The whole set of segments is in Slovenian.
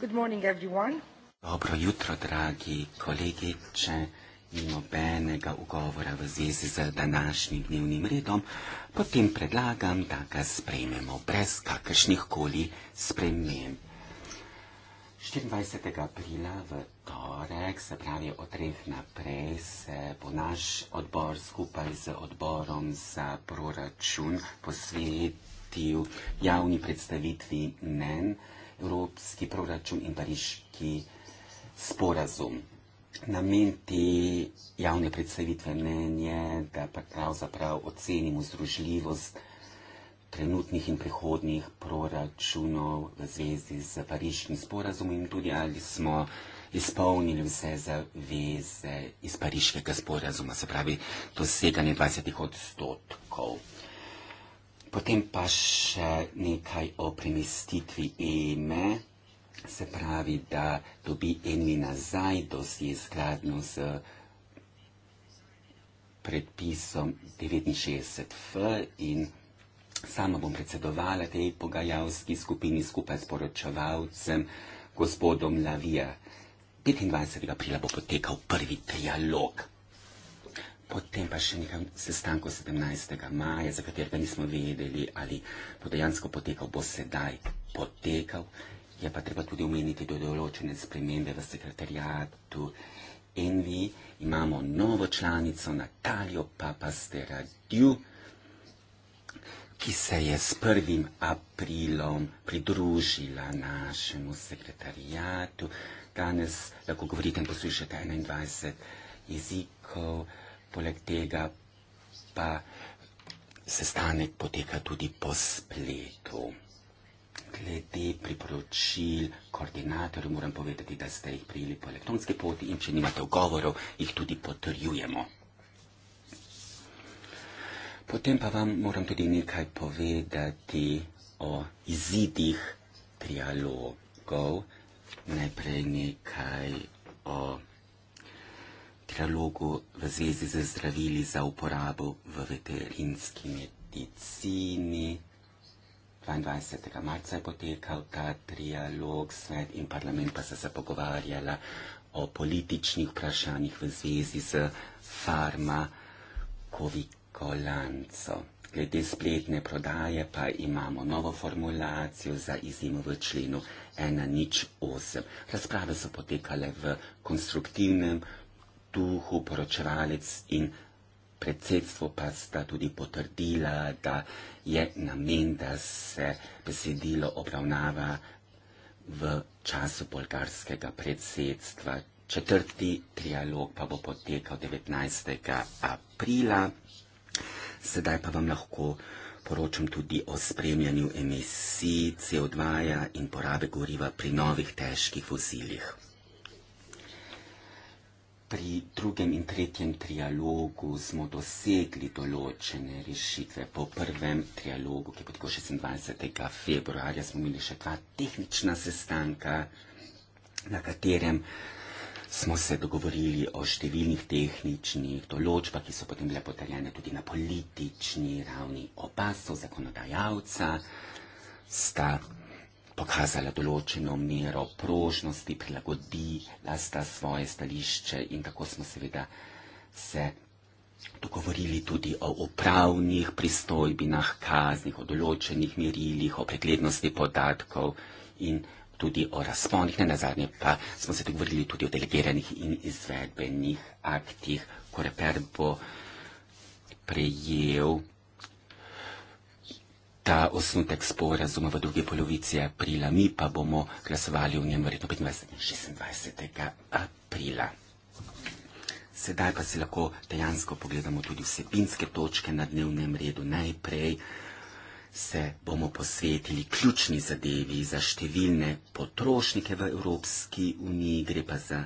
Dobro jutro, dragi kolegi, če ni nobenega ugovora v zvezi z današnjim dnevnim redom, potem predlagam, da ga sprejmemo brez kakršnih koli sprememb. 24. aprila v torek, se pravi od treh naprej, se bo naš odbor skupaj z odborom za proračun posvetil javni predstavitvi mnen evropski proračun in pariški sporazum. Namen te javne predstavitve mnenje, da pa pravzaprav ocenimo združljivost trenutnih in prihodnih proračunov v zvezi z pariškim sporazumom in tudi ali smo izpolnili vse zaveze iz pariškega sporazuma, se pravi doseganje 20 odstotkov. Potem pa še nekaj o premestitvi eme, se pravi, da dobi eni nazaj, dosti je skladno z predpisom 69F in sama bom predsedovala tej pogajalski skupini skupaj s poročevalcem gospodom Lavija. 25. aprila bo potekal prvi trialog potem pa še nekaj sestanku 17. maja, za katerega nismo vedeli, ali bo dejansko potekal, bo sedaj potekal. Je pa treba tudi omeniti do določene spremembe v sekretarijatu Envi. Imamo novo članico Natalijo Papasteradju, ki se je s 1. aprilom pridružila našemu sekretarijatu. Danes lahko govorite in poslušate 21 jezikov. Poleg tega pa sestanek poteka tudi po spletu. Glede priporočil koordinatorjev moram povedati, da ste jih prijeli po elektronski poti in če nimate ogovorov, jih tudi potrjujemo. Potem pa vam moram tudi nekaj povedati o izidih trialogov. Najprej nekaj o izidih trialogu v zvezi z zdravili za uporabo v veterinski medicini. 22. marca je potekal ta trialog, svet in parlament pa so se pogovarjala o političnih vprašanjih v zvezi z farmakovikolanco. Glede spletne prodaje pa imamo novo formulacijo za izjemo v členu 1.08. Razprave so potekale v konstruktivnem duhu poročevalec in predsedstvo pa sta tudi potrdila, da je namen, da se besedilo obravnava v času bolgarskega predsedstva. Četrti trialog pa bo potekal 19. aprila. Sedaj pa vam lahko poročam tudi o spremljanju emisij CO2 ja in porabe goriva pri novih težkih vozilih pri drugem in tretjem trialogu smo dosegli določene rešitve. Po prvem trialogu, ki je potekel 26. februarja, smo imeli še dva tehnična sestanka, na katerem smo se dogovorili o številnih tehničnih določbah, ki so potem bile potrjene tudi na politični ravni opasov zakonodajalca. Stavka pokazala določeno mero prožnosti, prilagodila sta svoje stališče in tako smo seveda se dogovorili tudi o upravnih pristojbinah, kaznih, o določenih merilih, o preglednosti podatkov in tudi o razponih. Ne nazadnje pa smo se dogovorili tudi o delegiranih in izvedbenih aktih, ko reper bo prejel ta osnutek sporazuma v drugi polovici aprila, mi pa bomo glasovali v njem verjetno 25. aprila. Sedaj pa si lahko dejansko pogledamo tudi vsebinske točke na dnevnem redu. Najprej se bomo posvetili ključni zadevi za številne potrošnike v Evropski uniji, gre pa za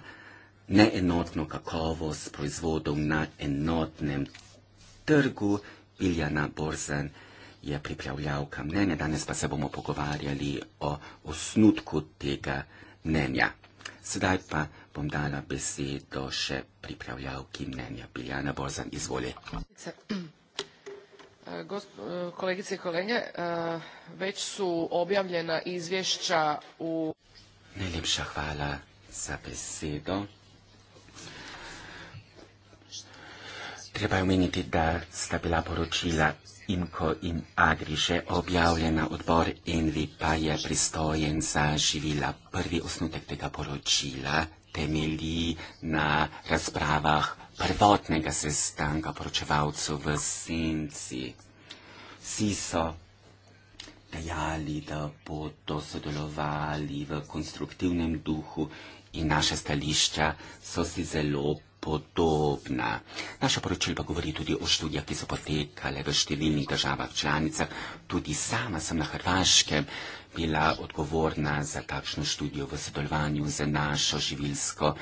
neenotno kakovost proizvodov na enotnem trgu. Iljana Borzan je pripravljalka mnenja, danes pa se bomo pogovarjali o osnutku tega mnenja. Sedaj pa bom dala besedo še pripravljalki mnenja. Biljana Borzan, izvoli. Kolegice i kolege, već su objavljena izvješća u... Najljepša hvala za besedo. Treba je omeniti da sta bila poročila in ko in agri že objavljena odbor Envi pa je pristojen za živila. Prvi osnutek tega poročila temelji na razpravah prvotnega sestanka poročevalcev v senci. Vsi so dejali, da bodo sodelovali v konstruktivnem duhu in naša stališča so si zelo podobna. Naša poročila pa govori tudi o študijah, ki so potekale v številnih državah članicah. Tudi sama sem na Hrvaškem bila odgovorna za takšno študijo v sodelovanju z našo živilsko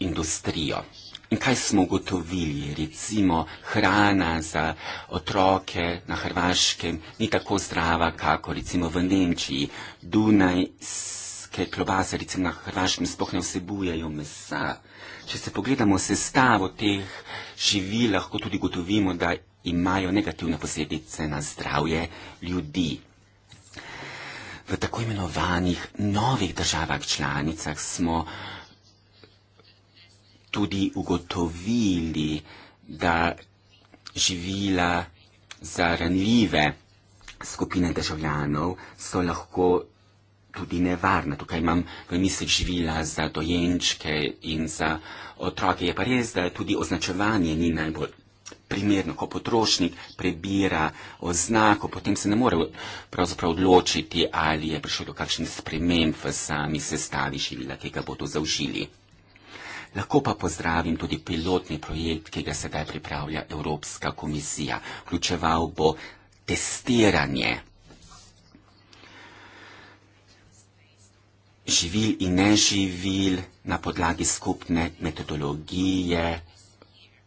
industrijo. In kaj smo ugotovili? Recimo, hrana za otroke na Hrvaškem ni tako zdrava, kako recimo v Nemčiji. Dunaj ker klobasa recimo na Hrvaškem sploh ne vsebujejo mesa. Če se pogledamo sestavo teh živil, lahko tudi gotovimo, da imajo negativne posledice na zdravje ljudi. V tako imenovanih novih državah članicah smo tudi ugotovili, da živila za ranljive skupine državljanov so lahko tudi nevarna. Tukaj imam v mislih živila za dojenčke in za otroke. Je pa res, da tudi označevanje ni najbolj primerno. Ko potrošnik prebira oznako, potem se ne more pravzaprav odločiti, ali je prišlo do kakšnih sprememb v sami sestavi živila, ki ga bodo zaužili. Lahko pa pozdravim tudi pilotni projekt, ki ga sedaj pripravlja Evropska komisija. Vključeval bo testiranje živil in neživil na podlagi skupne metodologije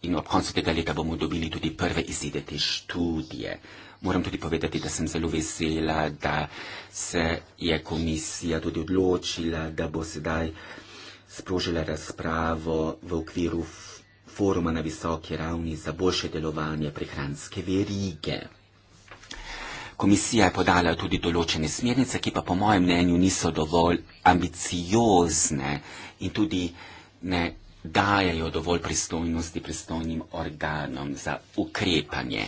in ob koncu tega leta bomo dobili tudi prve izide te študije. Moram tudi povedati, da sem zelo vesela, da se je komisija tudi odločila, da bo sedaj sprožila razpravo v okviru foruma na visoki ravni za boljše delovanje prehranske verige. Komisija je podala tudi določene smernice, ki pa po mojem mnenju niso dovolj ambiciozne in tudi ne dajajo dovolj pristojnosti pristojnim organom za ukrepanje.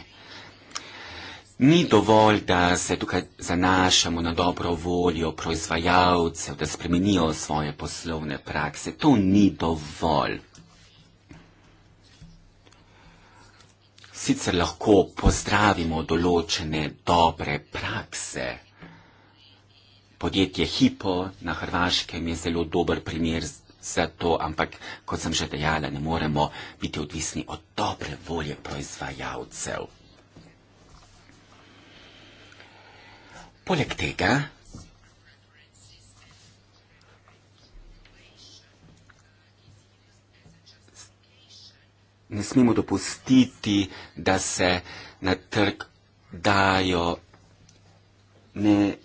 Ni dovolj, da se tukaj zanašamo na dobro voljo proizvajalcev, da spremenijo svoje poslovne prakse. To ni dovolj. sicer lahko pozdravimo določene dobre prakse. Podjetje Hipo na Hrvaškem je zelo dober primer za to, ampak kot sem že dejala, ne moremo biti odvisni od dobre volje proizvajalcev. Poleg tega, ne smemo dopustiti, da se na trg dajo ne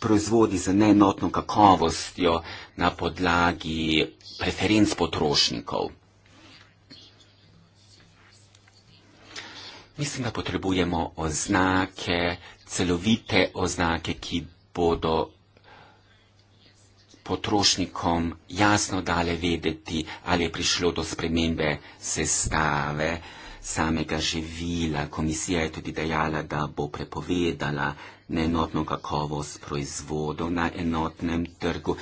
proizvodi z neenotno kakovostjo na podlagi preferenc potrošnikov. Mislim, da potrebujemo oznake, celovite oznake, ki bodo potrošnikom jasno dale vedeti, ali je prišlo do spremembe sestave samega živila. Komisija je tudi dejala, da bo prepovedala neenotno kakovost proizvodov na enotnem trgu.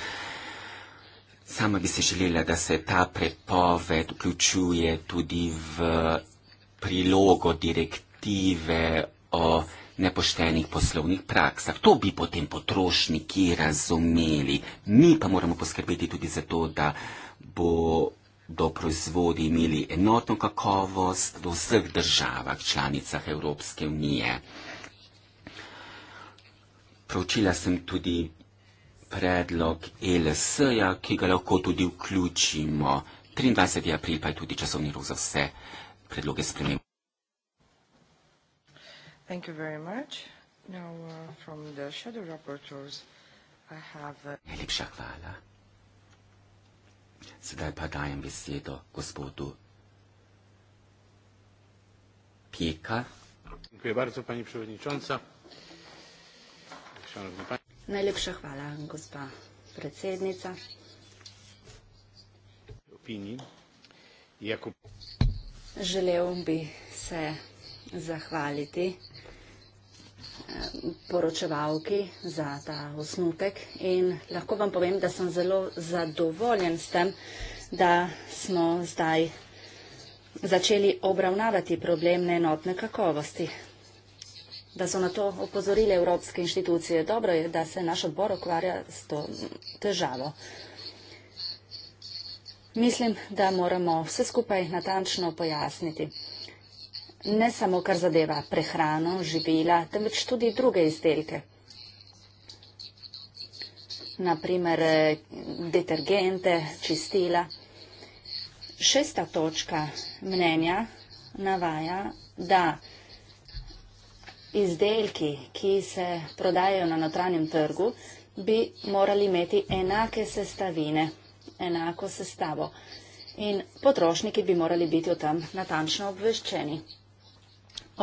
Sama bi se želela, da se ta prepoved vključuje tudi v prilogo direktive o nepoštenih poslovnih praksah. To bi potem potrošniki razumeli. Mi pa moramo poskrbeti tudi za to, da bo do proizvodi imeli enotno kakovost v vseh državah, članicah Evropske unije. Pravčila sem tudi predlog e LSE-ja, ki ga lahko tudi vključimo. 23. april pa je tudi časovni rok za vse predloge spremembe. Thank you very much. Now, uh, from the shadow rapporteurs, I have uh, Najlepša hvala. Sedaj pa dajem besedo gospodu Pika. Dziękuję bardzo, pani przewodnicząca. Szanowni pa- Najlepša hvala, gospa predsednica. Opini, jako- Želel bi se zahvaliti poročevalki za ta osnutek in lahko vam povem, da sem zelo zadovoljen s tem, da smo zdaj začeli obravnavati problem neenotne kakovosti, da so na to opozorile evropske inštitucije. Dobro je, da se naš odbor okvarja s to težavo. Mislim, da moramo vse skupaj natančno pojasniti ne samo kar zadeva prehrano, živila, temveč tudi druge izdelke. Naprimer detergente, čistila. Šesta točka mnenja navaja, da izdelki, ki se prodajajo na notranjem trgu, bi morali imeti enake sestavine, enako sestavo. In potrošniki bi morali biti o tem natančno obveščeni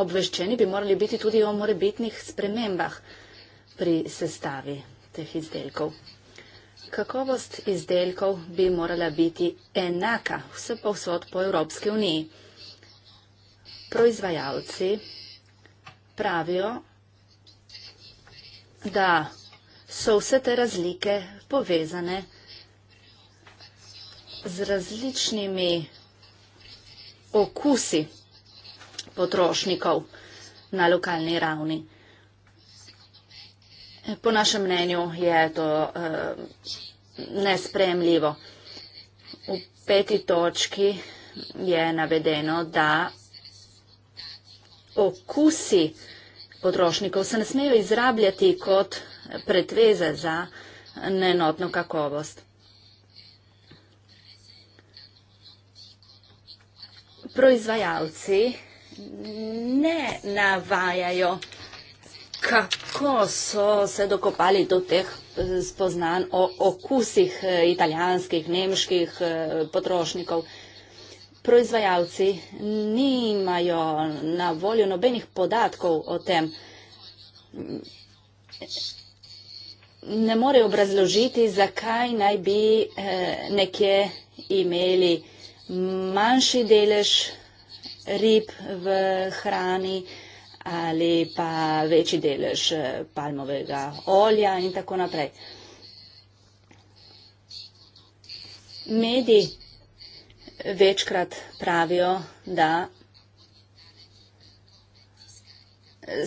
obveščeni bi morali biti tudi o morebitnih spremembah pri sestavi teh izdelkov. Kakovost izdelkov bi morala biti enaka vse povsod po Evropski uniji. Proizvajalci pravijo, da so vse te razlike povezane z različnimi okusi potrošnikov na lokalni ravni. Po našem mnenju je to eh, nespremljivo. V peti točki je navedeno, da okusi potrošnikov se ne smejo izrabljati kot pretveze za neenotno kakovost. Proizvajalci ne navajajo, kako so se dokopali do teh eh, spoznanj o okusih eh, italijanskih, nemških eh, potrošnikov. Proizvajalci nimajo na voljo nobenih podatkov o tem. Ne morejo obrazložiti, zakaj naj bi nekje imeli manjši delež rib v hrani ali pa večji delež eh, palmovega olja in tako naprej. Mediji večkrat pravijo, da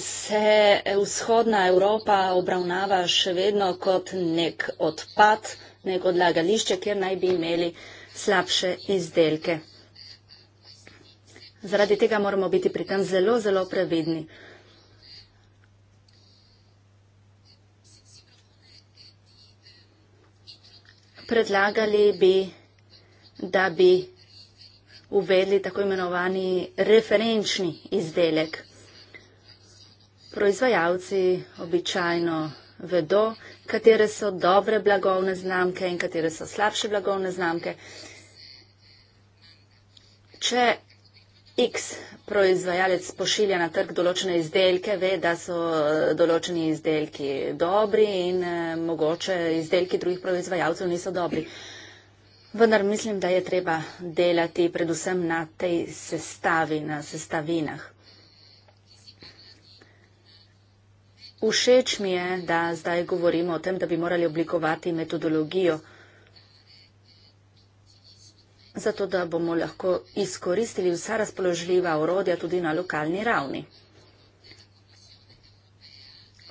se vzhodna Evropa obravnava še vedno kot nek odpad, nek odlagališče, kjer naj bi imeli slabše izdelke. Zaradi tega moramo biti pri tem zelo, zelo previdni. Predlagali bi, da bi uvedli tako imenovani referenčni izdelek. Proizvajalci običajno vedo, katere so dobre blagovne znamke in katere so slabše blagovne znamke. Če X proizvajalec pošilja na trg določene izdelke, ve, da so eh, določeni izdelki dobri in eh, mogoče izdelki drugih proizvajalcev niso dobri. Vendar mislim, da je treba delati predvsem na tej sestavi, na sestavinah. Všeč mi je, da zdaj govorimo o tem, da bi morali oblikovati metodologijo zato da bomo lahko izkoristili vsa razpoložljiva orodja tudi na lokalni ravni.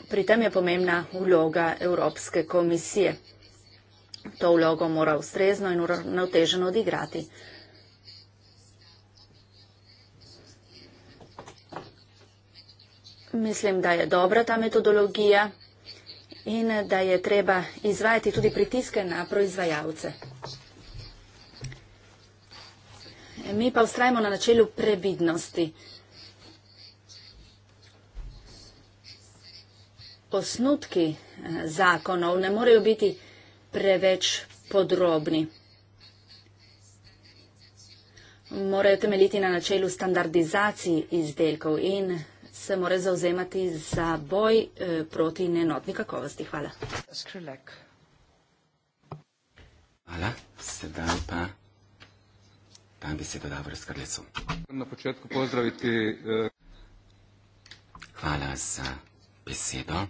Pri tem je pomembna vloga Evropske komisije. To vlogo mora ustrezno in uravnoteženo odigrati. Mislim, da je dobra ta metodologija in da je treba izvajati tudi pritiske na proizvajalce. mi pa ustrajamo na načelu previdnosti. Osnutki eh, zakonov ne morejo biti preveč podrobni. Morajo temeljiti na načelu standardizaciji izdelkov in se morajo zauzemati za boj eh, proti nenotni kakovosti. Hvala. Hvala. Sedaj pa. Dan besedo Davor Skrlecu. Na početku pozdraviti... Eh, Hvala za besedo.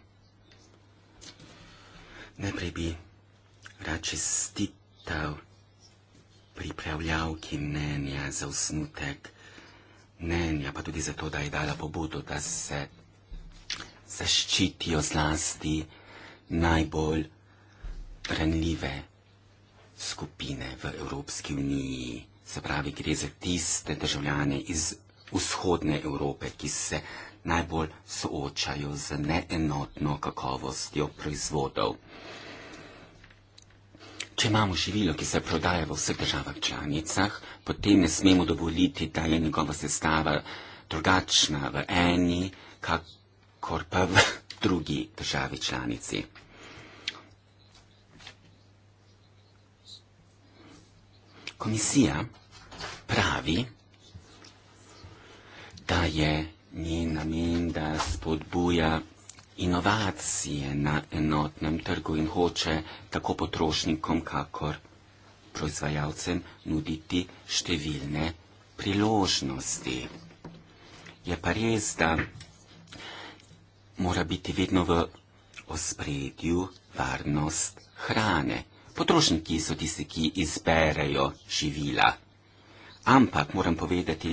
Najprej bi rad čestitev pripravljavki mnenja za usnutek mnenja, pa tudi zato, da je dala pobudo, da se zaščitijo zlasti najbolj ranljive skupine v Evropski uniji se pravi, gre za tiste državljane iz vzhodne Evrope, ki se najbolj soočajo z neenotno kakovostjo proizvodov. Če imamo živilo, ki se prodaja v vseh državah članicah, potem ne smemo dovoliti, da je njegova sestava drugačna v eni, kakor pa v drugi državi članici. Komisija pravi, da je njen namen, da spodbuja inovacije na enotnem trgu in hoče tako potrošnikom, kakor proizvajalcem nuditi številne priložnosti. Je pa res, da mora biti vedno v ospredju varnost hrane potrošniki so tisti, ki izberejo živila. Ampak moram povedati,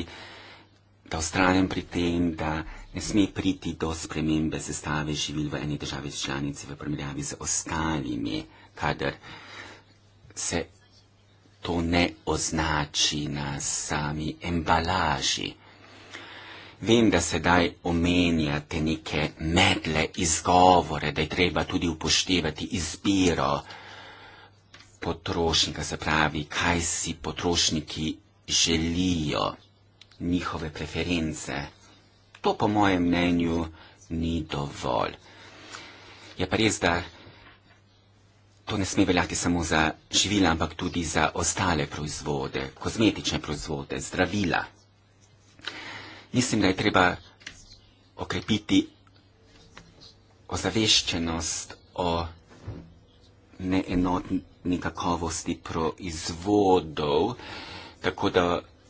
da ostrajam pri tem, da ne sme priti do spremembe sestave živil v eni državi članici v primerjavi z ostalimi, kadar se to ne označi na sami embalaži. Vem, da sedaj omenjate neke medle izgovore, da je treba tudi upoštevati izbiro potrošnika, se pravi, kaj si potrošniki želijo, njihove preference. To po mojem mnenju ni dovolj. Je pa res, da to ne sme veljati samo za živila, ampak tudi za ostale proizvode, kozmetične proizvode, zdravila. Mislim, da je treba okrepiti ozaveščenost o neenotnosti ni kakovosti proizvodov, tako da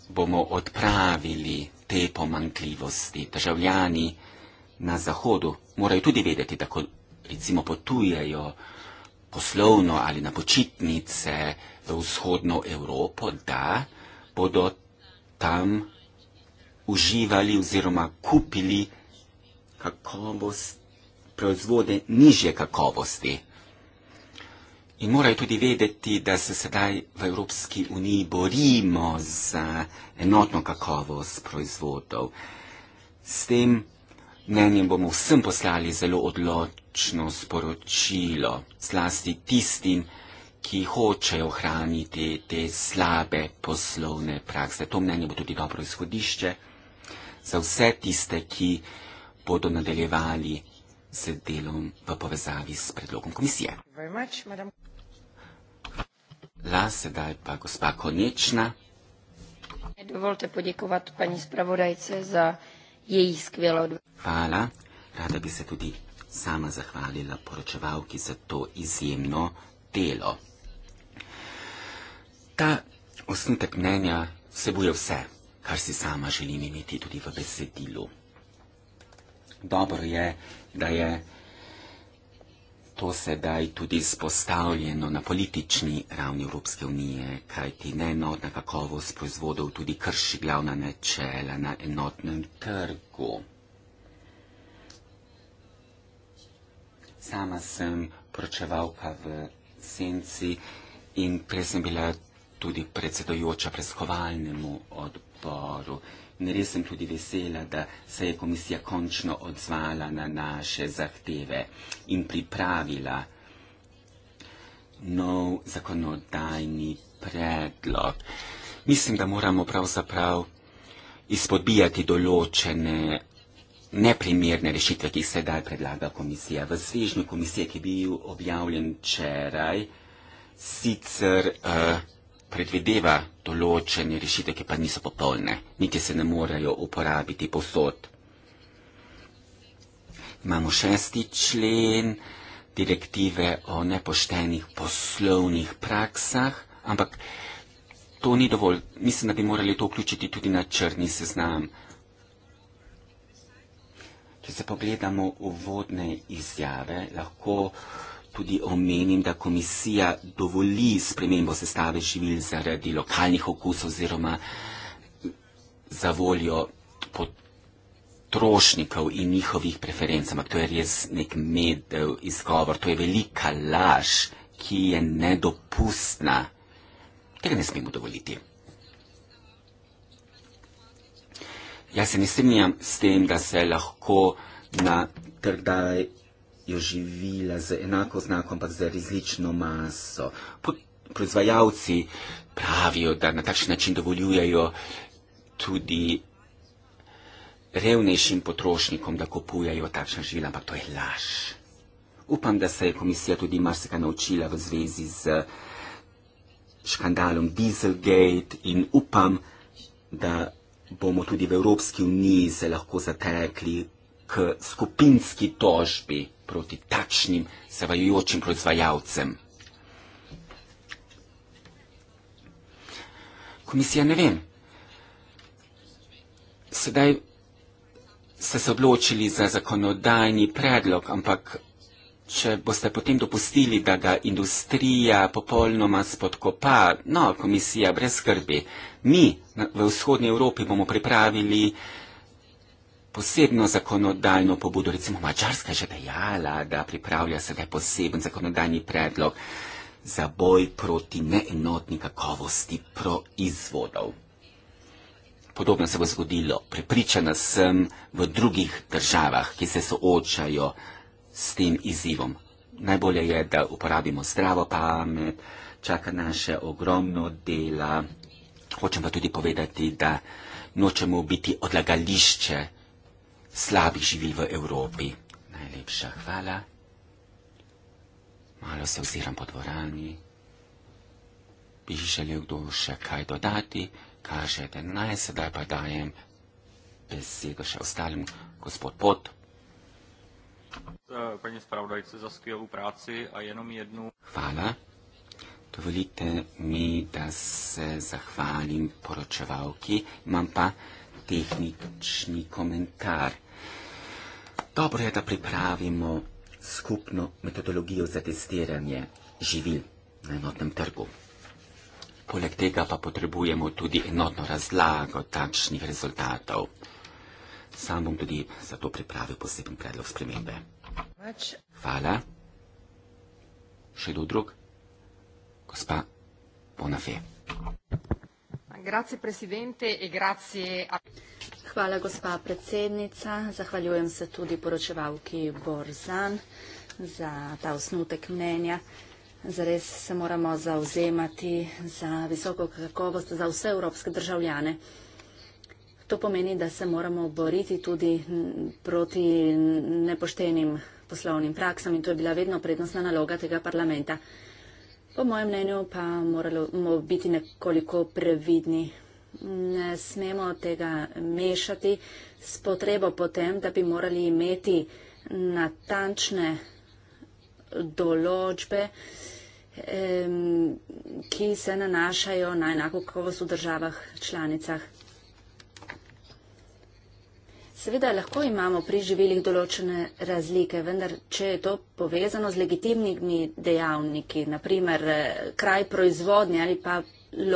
bomo odpravili te pomankljivosti. Državljani na Zahodu morajo tudi vedeti, da ko recimo potujejo poslovno ali na počitnice v vzhodno Evropo, da bodo tam uživali oziroma kupili kakovost, proizvode nižje kakovosti. In morajo tudi vedeti, da se sedaj v Evropski uniji borimo za enotno kakovost proizvodov. S tem mnenjem bomo vsem poslali zelo odločno sporočilo, zlasti tistim, ki hočejo ohraniti te slabe poslovne prakse. To mnenje bo tudi dobro izhodišče za vse tiste, ki bodo nadaljevali z delom v povezavi s predlogom komisije. Very much, La, sedaj pa gospa Konečna. Dovolite podjekovati pani spravodajce za jej skvelo. Hvala. Rada bi se tudi sama zahvalila poročevalki za to izjemno delo. Ta osnutek mnenja vsebuje vse, kar si sama želim imeti tudi v besedilu. Dobro je, da je to sedaj tudi spostavljeno na politični ravni Evropske unije, kajti neenotna kakovost proizvodov tudi krši glavna načela na enotnem trgu. Sama sem pročevalka v senci in prej sem bila tudi predsedojoča preskovalnemu odboru. In res sem tudi vesela, da se je komisija končno odzvala na naše zahteve in pripravila nov zakonodajni predlog. Mislim, da moramo pravzaprav izpodbijati določene neprimerne rešitve, ki jih sedaj predlaga komisija. V svežnju komisije, ki je bil objavljen včeraj, sicer uh, predvideva določene rešitve, ki pa niso popolne, niti se ne morejo uporabiti posod. Imamo šesti člen direktive o nepoštenih poslovnih praksah, ampak to ni dovolj. Mislim, da bi morali to vključiti tudi na črni seznam. Če se pogledamo uvodne izjave, lahko tudi omenim, da komisija dovoli spremembo sestave živil zaradi lokalnih okusov oziroma za voljo potrošnikov in njihovih preferenc, ampak to je res nek med izgovor, to je velika laž, ki je nedopustna, tega ne smemo dovoliti. Jaz se ne strinjam s tem, da se lahko na trdaj je živila z enako znakom, ampak z različno maso. Proizvajalci pravijo, da na takšen način dovoljujejo tudi revnejšim potrošnikom, da kupujajo takšna živila, ampak to je laž. Upam, da se je komisija tudi marsikaj naučila v zvezi z škandalom Dieselgate in upam, da bomo tudi v Evropski uniji se lahko zatekli k skupinski tožbi proti takšnim zavajujočim proizvajalcem. Komisija ne vem. Sedaj ste se odločili za zakonodajni predlog, ampak če boste potem dopustili, da ga industrija popolnoma spodkopa, no, komisija brez skrbi. Mi v vzhodnji Evropi bomo pripravili posebno zakonodajno pobudo. Recimo Mačarska je že dejala, da pripravlja sedaj poseben zakonodajni predlog za boj proti neenotni kakovosti proizvodov. Podobno se bo zgodilo, prepričana sem, v drugih državah, ki se soočajo s tem izzivom. Najbolje je, da uporabimo zdravo pamet, čaka naše ogromno dela. Hočem pa tudi povedati, da nočemo biti odlagališče slabih živil v Evropi. Najlepša hvala. Malo se oziram po dvorani. Bi želel kdo še kaj dodati? Kažete naj, sedaj pa dajem besedo še ostalim, gospod Pot. Eh, Pani spravodajce za skvelu praci a jenom jednu. Hvala. Dovolite mi, da se zahvalim poročevalki. Imam pa tehnični komentar. Dobro je, da pripravimo skupno metodologijo za testiranje živil na enotnem trgu. Poleg tega pa potrebujemo tudi enotno razlago takšnih rezultatov. Sam bom tudi za to pripravil poseben predlog spremembe. Hvala. Še kdo drug? Gospa Bonafé. Grazie presidente e grazie a... Hvala gospa predsednica, zahvaljujem se tudi poročevalki Borzan za ta osnutek mnenja. Zares se moramo zauzemati za visoko kakovost za vse evropske državljane. To pomeni, da se moramo boriti tudi proti nepoštenim poslovnim praksam in to je bila vedno prednostna naloga tega parlamenta. Po mojem mnenju pa moramo biti nekoliko previdni. Ne smemo tega mešati s potrebo potem, da bi morali imeti natančne določbe, ki se nanašajo na enako kakovost v državah članicah. Seveda lahko imamo pri živeljih določene razlike, vendar če je to povezano z legitimnimi dejavniki, naprimer eh, kraj proizvodnje ali pa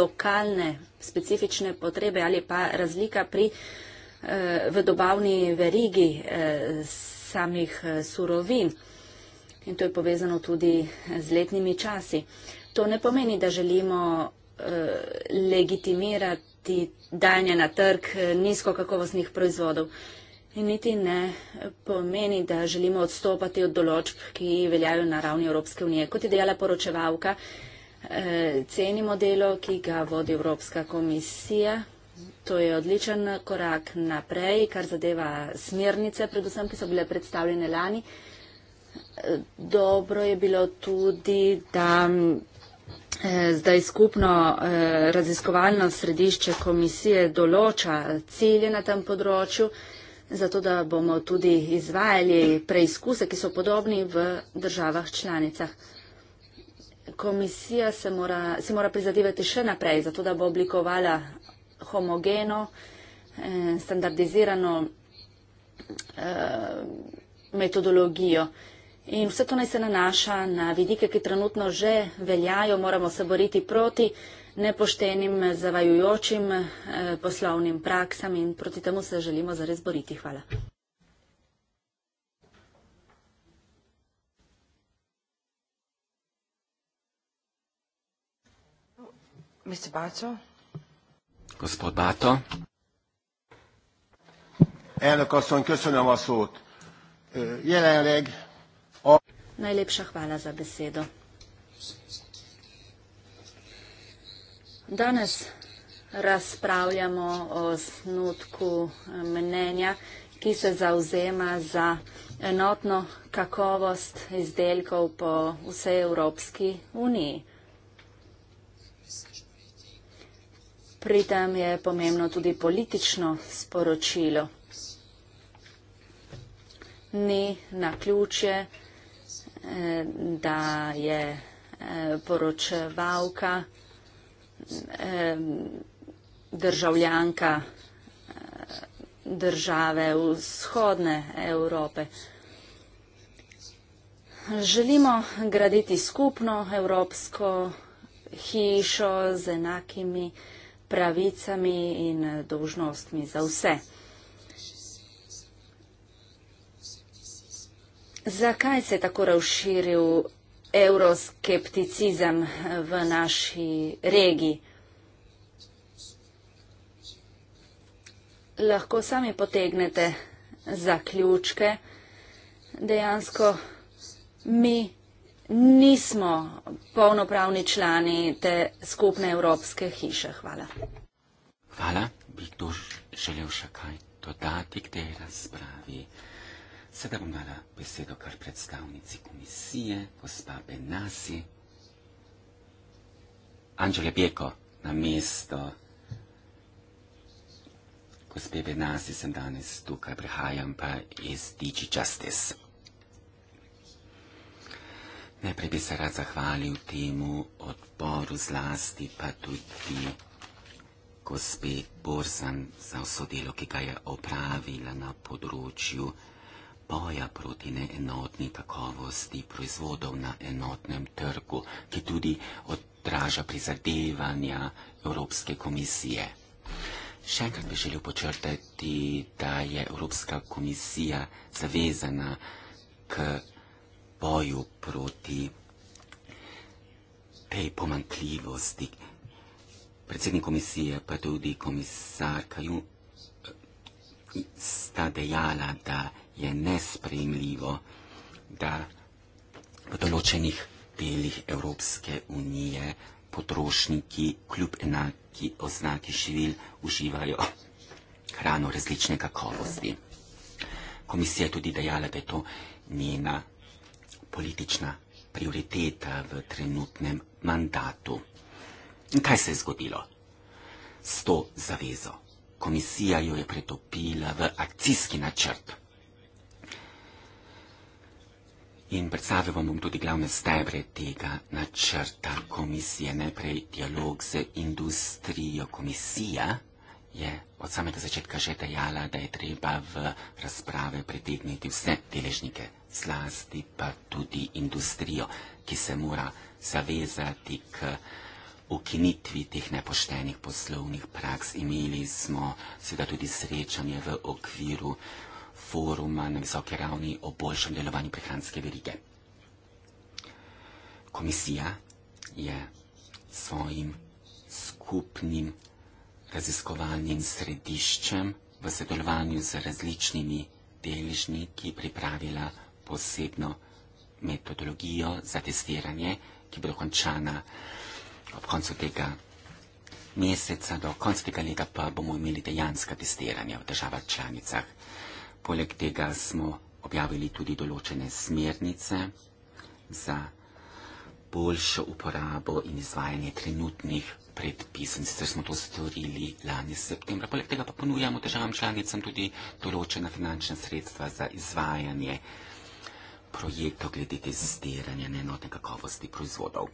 lokalne specifične potrebe ali pa razlika pri, eh, v dobavni verigi eh, samih surovin. In to je povezano tudi z letnimi časi. To ne pomeni, da želimo legitimirati dajanje na trg nizkokakovostnih proizvodov. Niti ne pomeni, da želimo odstopati od določb, ki veljajo na ravni Evropske unije. Kot je dejala poročevalka, eh, cenimo delo, ki ga vodi Evropska komisija. To je odličen korak naprej, kar zadeva smernice, predvsem, ki so bile predstavljene lani. Eh, dobro je bilo tudi, da eh, zdaj skupno raziskovalno središče komisije določa cilje na tem področju zato da bomo tudi izvajali preizkuse, ki so podobni v državah članicah. Komisija se mora, si mora prizadevati še naprej, zato da bo oblikovala homogeno, eh, standardizirano eh, metodologijo. In vse to naj se nanaša na vidike, ki trenutno že veljajo, moramo se boriti proti nepoštenim, zavajujočim eh, poslovnim praksam in proti temu se želimo zares boriti. Hvala. Mr. Bato. Gospod Bato. Elnök asszony, köszönöm a szót. Jelenleg a... Najlepša hvala za besedo. Danes razpravljamo o snutku mnenja, ki se zauzema za enotno kakovost izdelkov po vsej Evropski uniji. Pri tem je pomembno tudi politično sporočilo. Ni na ključje, eh, da je eh, poročevalka eh, državljanka eh, države vzhodne Evrope. Želimo graditi skupno evropsko hišo z enakimi pravicami in dožnostmi za vse. Zakaj se je tako razširil euroskepticizem v naši regiji. Lahko sami potegnete zaključke. Dejansko mi nismo polnopravni člani te skupne evropske hiše. Hvala. Hvala. Bi tu želel še kaj dodati k tej razpravi? Sedaj bom dala besedo kar predstavnici komisije, gospa Benasi. Anđele Bjeko, na mesto gospe Benasi sem danes tukaj, prihajam pa iz Digi Justice. Najprej bi se rad zahvalil temu odboru zlasti, pa tudi gospe Borzan za vso delo, ki ga je opravila na področju vsega boja proti neenotni kakovosti proizvodov na enotnem trgu, ki tudi odraža prizadevanja Evropske komisije. Še enkrat bi želel počrtati, da je Evropska komisija zavezana k boju proti tej pomankljivosti. Predsednik komisije pa tudi komisarka Jun sta dejala, da je nesprejemljivo, da v določenih delih Evropske unije potrošniki kljub enaki oznaki živil uživajo hrano različne kakovosti. Komisija je tudi dejala, da je to njena politična prioriteta v trenutnem mandatu. In kaj se je zgodilo s to zavezo? Komisija jo je pretopila v akcijski načrt. In predstavil vam bom tudi glavne stebre tega načrta komisije. Najprej dialog z industrijo. Komisija je od samega začetka že dejala, da je treba v razprave pritegniti vse deležnike, zlasti pa tudi industrijo, ki se mora zavezati k ukinitvi teh nepoštenih poslovnih praks. Imeli smo seveda tudi srečanje v okviru foruma na visoki ravni o boljšem delovanju prehranske verige. Komisija je svojim skupnim raziskovalnim središčem v sodelovanju z različnimi deležniki pripravila posebno metodologijo za testiranje, ki bo dokončana ob koncu tega meseca. Do konca tega leta pa bomo imeli dejanska testiranja v državah članicah. Poleg tega smo objavili tudi določene smernice za boljšo uporabo in izvajanje trenutnih predpisov. Sicer smo to storili lani septembra. Poleg tega pa ponujamo državam članicam tudi določena finančna sredstva za izvajanje projektov glede testiranja neenotne kakovosti proizvodov.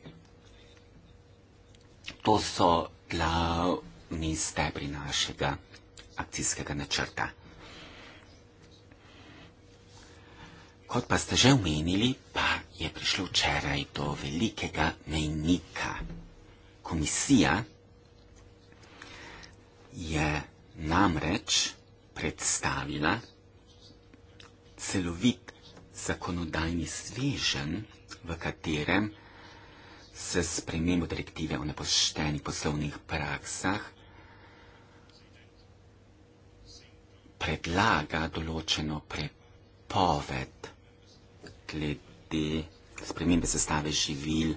To so glavni stebri našega akcijskega načrta. Kot pa ste že omenili, pa je prišlo včeraj do velikega mejnika. Komisija je namreč predstavila celovit zakonodajni svežen, v katerem se spremembo direktive o nepoštenih poslovnih praksah predlaga določeno prepoved glede spremembe sestave živil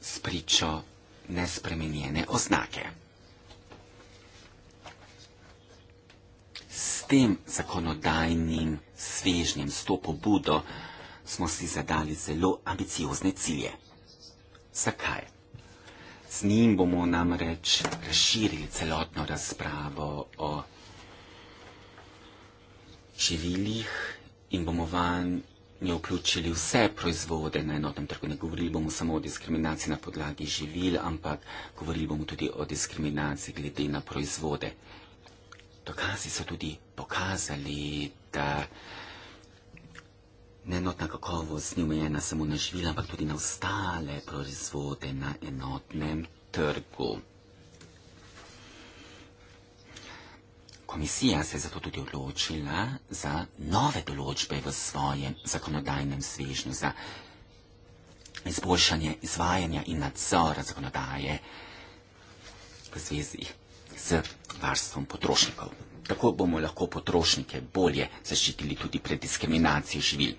s pričo nespremenjene oznake. S tem zakonodajnim svežnjem, s to pobudo, smo si zadali zelo ambiciozne cilje. Zakaj? Z njim bomo namreč razširili celotno razpravo o živilih in bomo vanjo vključili vse proizvode na enotnem trgu. Ne govorili bomo samo o diskriminaciji na podlagi živil, ampak govorili bomo tudi o diskriminaciji glede na proizvode. Dokazi so tudi pokazali, da neenotna kakovost ni omejena samo na živila, ampak tudi na ostale proizvode na enotnem trgu. Komisija se je zato tudi odločila za nove določbe v svojem zakonodajnem svežnju, za izboljšanje izvajanja in nadzora zakonodaje v zvezi z varstvom potrošnikov. Tako bomo lahko potrošnike bolje zaščitili tudi pred diskriminacijo živil.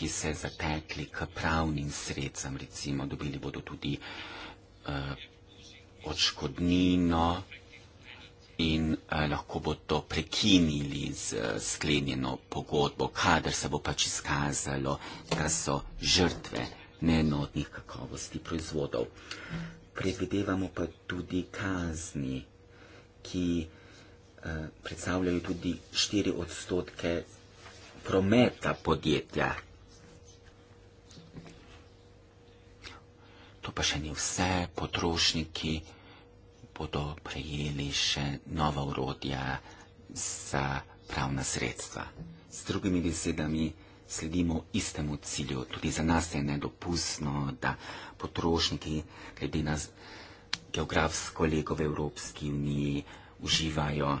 ki se zatekli k pravnim sredcem, recimo dobili bodo tudi uh, odškodnino in uh, lahko bodo prekinili z uh, sklenjeno pogodbo, kadar se bo pač izkazalo, da so žrtve neenotnih kakovosti proizvodov. Predvidevamo pa tudi kazni, ki uh, predstavljajo tudi 4 odstotke prometa podjetja, To pa še ni vse, potrošniki bodo prejeli še nova urodja za pravna sredstva. S drugimi besedami sledimo istemu cilju. Tudi za nas je nedopustno, da potrošniki, glede na geografsko lego v Evropski uniji, uživajo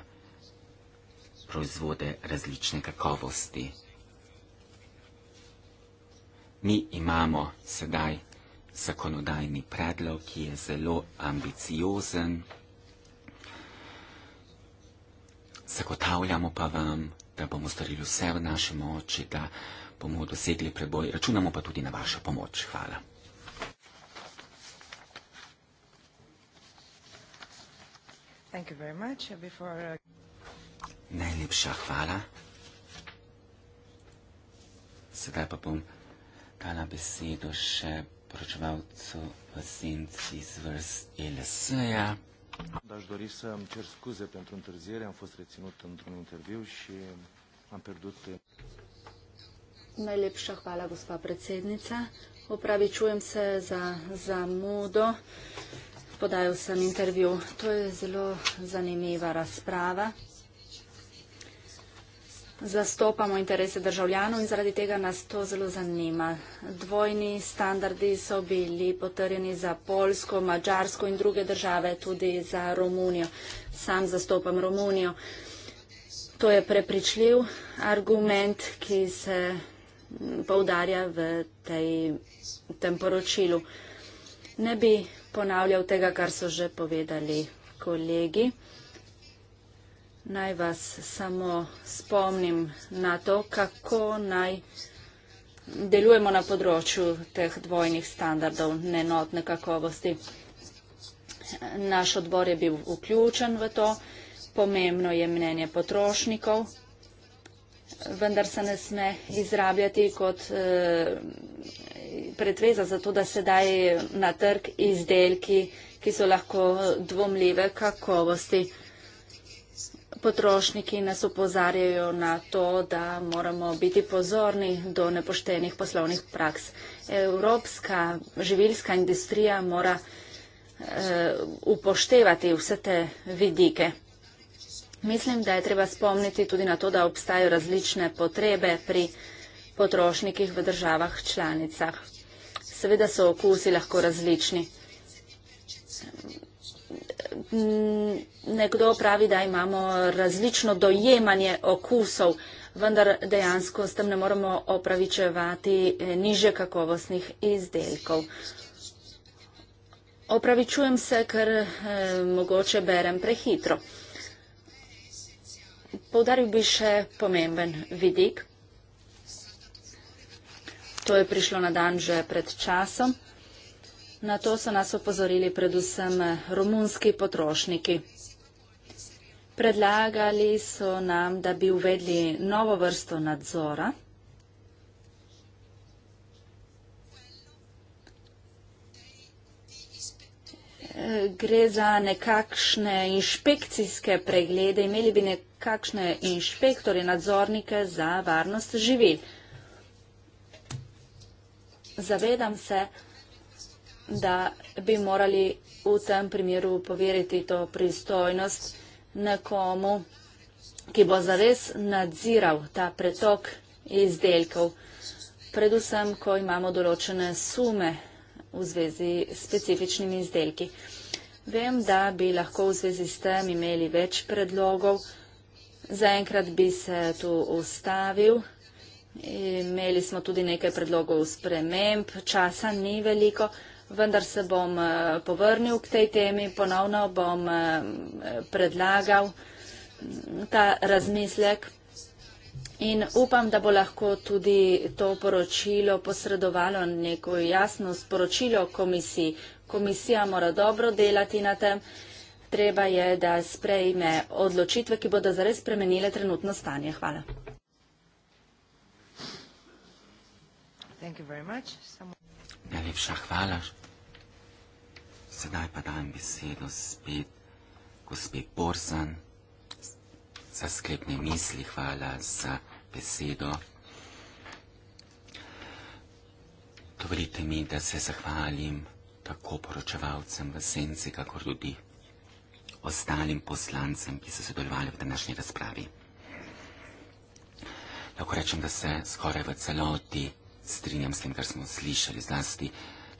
proizvode različne kakovosti. Mi imamo sedaj zakonodajni predlog, ki je zelo ambiciozen. Zagotavljamo pa vam, da bomo storili vse v naši moči, da bomo dosegli preboj. Računamo pa tudi na vašo pomoč. Hvala. Uh, Najlepša hvala. Sedaj pa bom dala besedo še poročevalcu v senci iz vrst LSE-ja. Aș dori să îmi cer scuze pentru întârziere. Am fost reținut într-un interviu și am pierdut... Najlepša hvala, gospa predsednica. Opravičujem se za zamudo. Podajal sem intervju. To je zelo zanimiva razprava zastopamo interese državljanov in zaradi tega nas to zelo zanima. Dvojni standardi so bili potrjeni za Polsko, Mačarsko in druge države, tudi za Romunijo. Sam zastopam Romunijo. To je prepričljiv argument, ki se poudarja v tej, tem poročilu. Ne bi ponavljal tega, kar so že povedali kolegi naj vas samo spomnim na to, kako naj delujemo na področju teh dvojnih standardov nenotne kakovosti. Naš odbor je bil vključen v to, pomembno je mnenje potrošnikov, vendar se ne sme izrabljati kot eh, pretveza za to, da se daje na trg izdelki, ki so lahko dvomljive kakovosti potrošniki nas upozarjajo na to, da moramo biti pozorni do nepoštenih poslovnih praks. Evropska živilska industrija mora eh, upoštevati vse te vidike. Mislim, da je treba spomniti tudi na to, da obstajajo različne potrebe pri potrošnikih v državah članicah. Seveda so okusi lahko različni nekdo pravi, da imamo različno dojemanje okusov, vendar dejansko s tem ne moremo opravičevati eh, niže kakovostnih izdelkov. Opravičujem se, ker eh, mogoče berem prehitro. Povdaril bi še pomemben vidik. To je prišlo na dan že pred časom. Na to so nas opozorili predvsem romunski potrošniki. Predlagali so nam, da bi uvedli novo vrsto nadzora. Gre za nekakšne inšpekcijske preglede, imeli bi nekakšne inšpektore, nadzornike za varnost živil. Zavedam se, da bi uvedli novo vrsto nadzora da bi morali v tem primeru poveriti to pristojnost nekomu, ki bo zares nadziral ta pretok izdelkov, predvsem, ko imamo določene sume v zvezi s specifičnimi izdelki. Vem, da bi lahko v zvezi s tem imeli več predlogov. Zaenkrat bi se tu ustavil. Imeli smo tudi nekaj predlogov sprememb, časa ni veliko vendar se bom eh, povrnil k tej temi, ponovno bom eh, predlagal mm, ta razmislek in upam, da bo lahko tudi to poročilo posredovalo neko jasno sporočilo komisiji. Komisija mora dobro delati na tem, treba je, da sprejme odločitve, ki bodo zares spremenile trenutno stanje. Hvala. Najlepša hvala. Sedaj pa dajem besedo spet gospe Borzan za sklepne misli. Hvala za besedo. Dovolite mi, da se zahvalim tako poročevalcem v senci, kakor tudi ostalim poslancem, ki so sodelovali v današnji razpravi. Lahko rečem, da se skoraj v celoti strinjam s tem, kar smo slišali, zlasti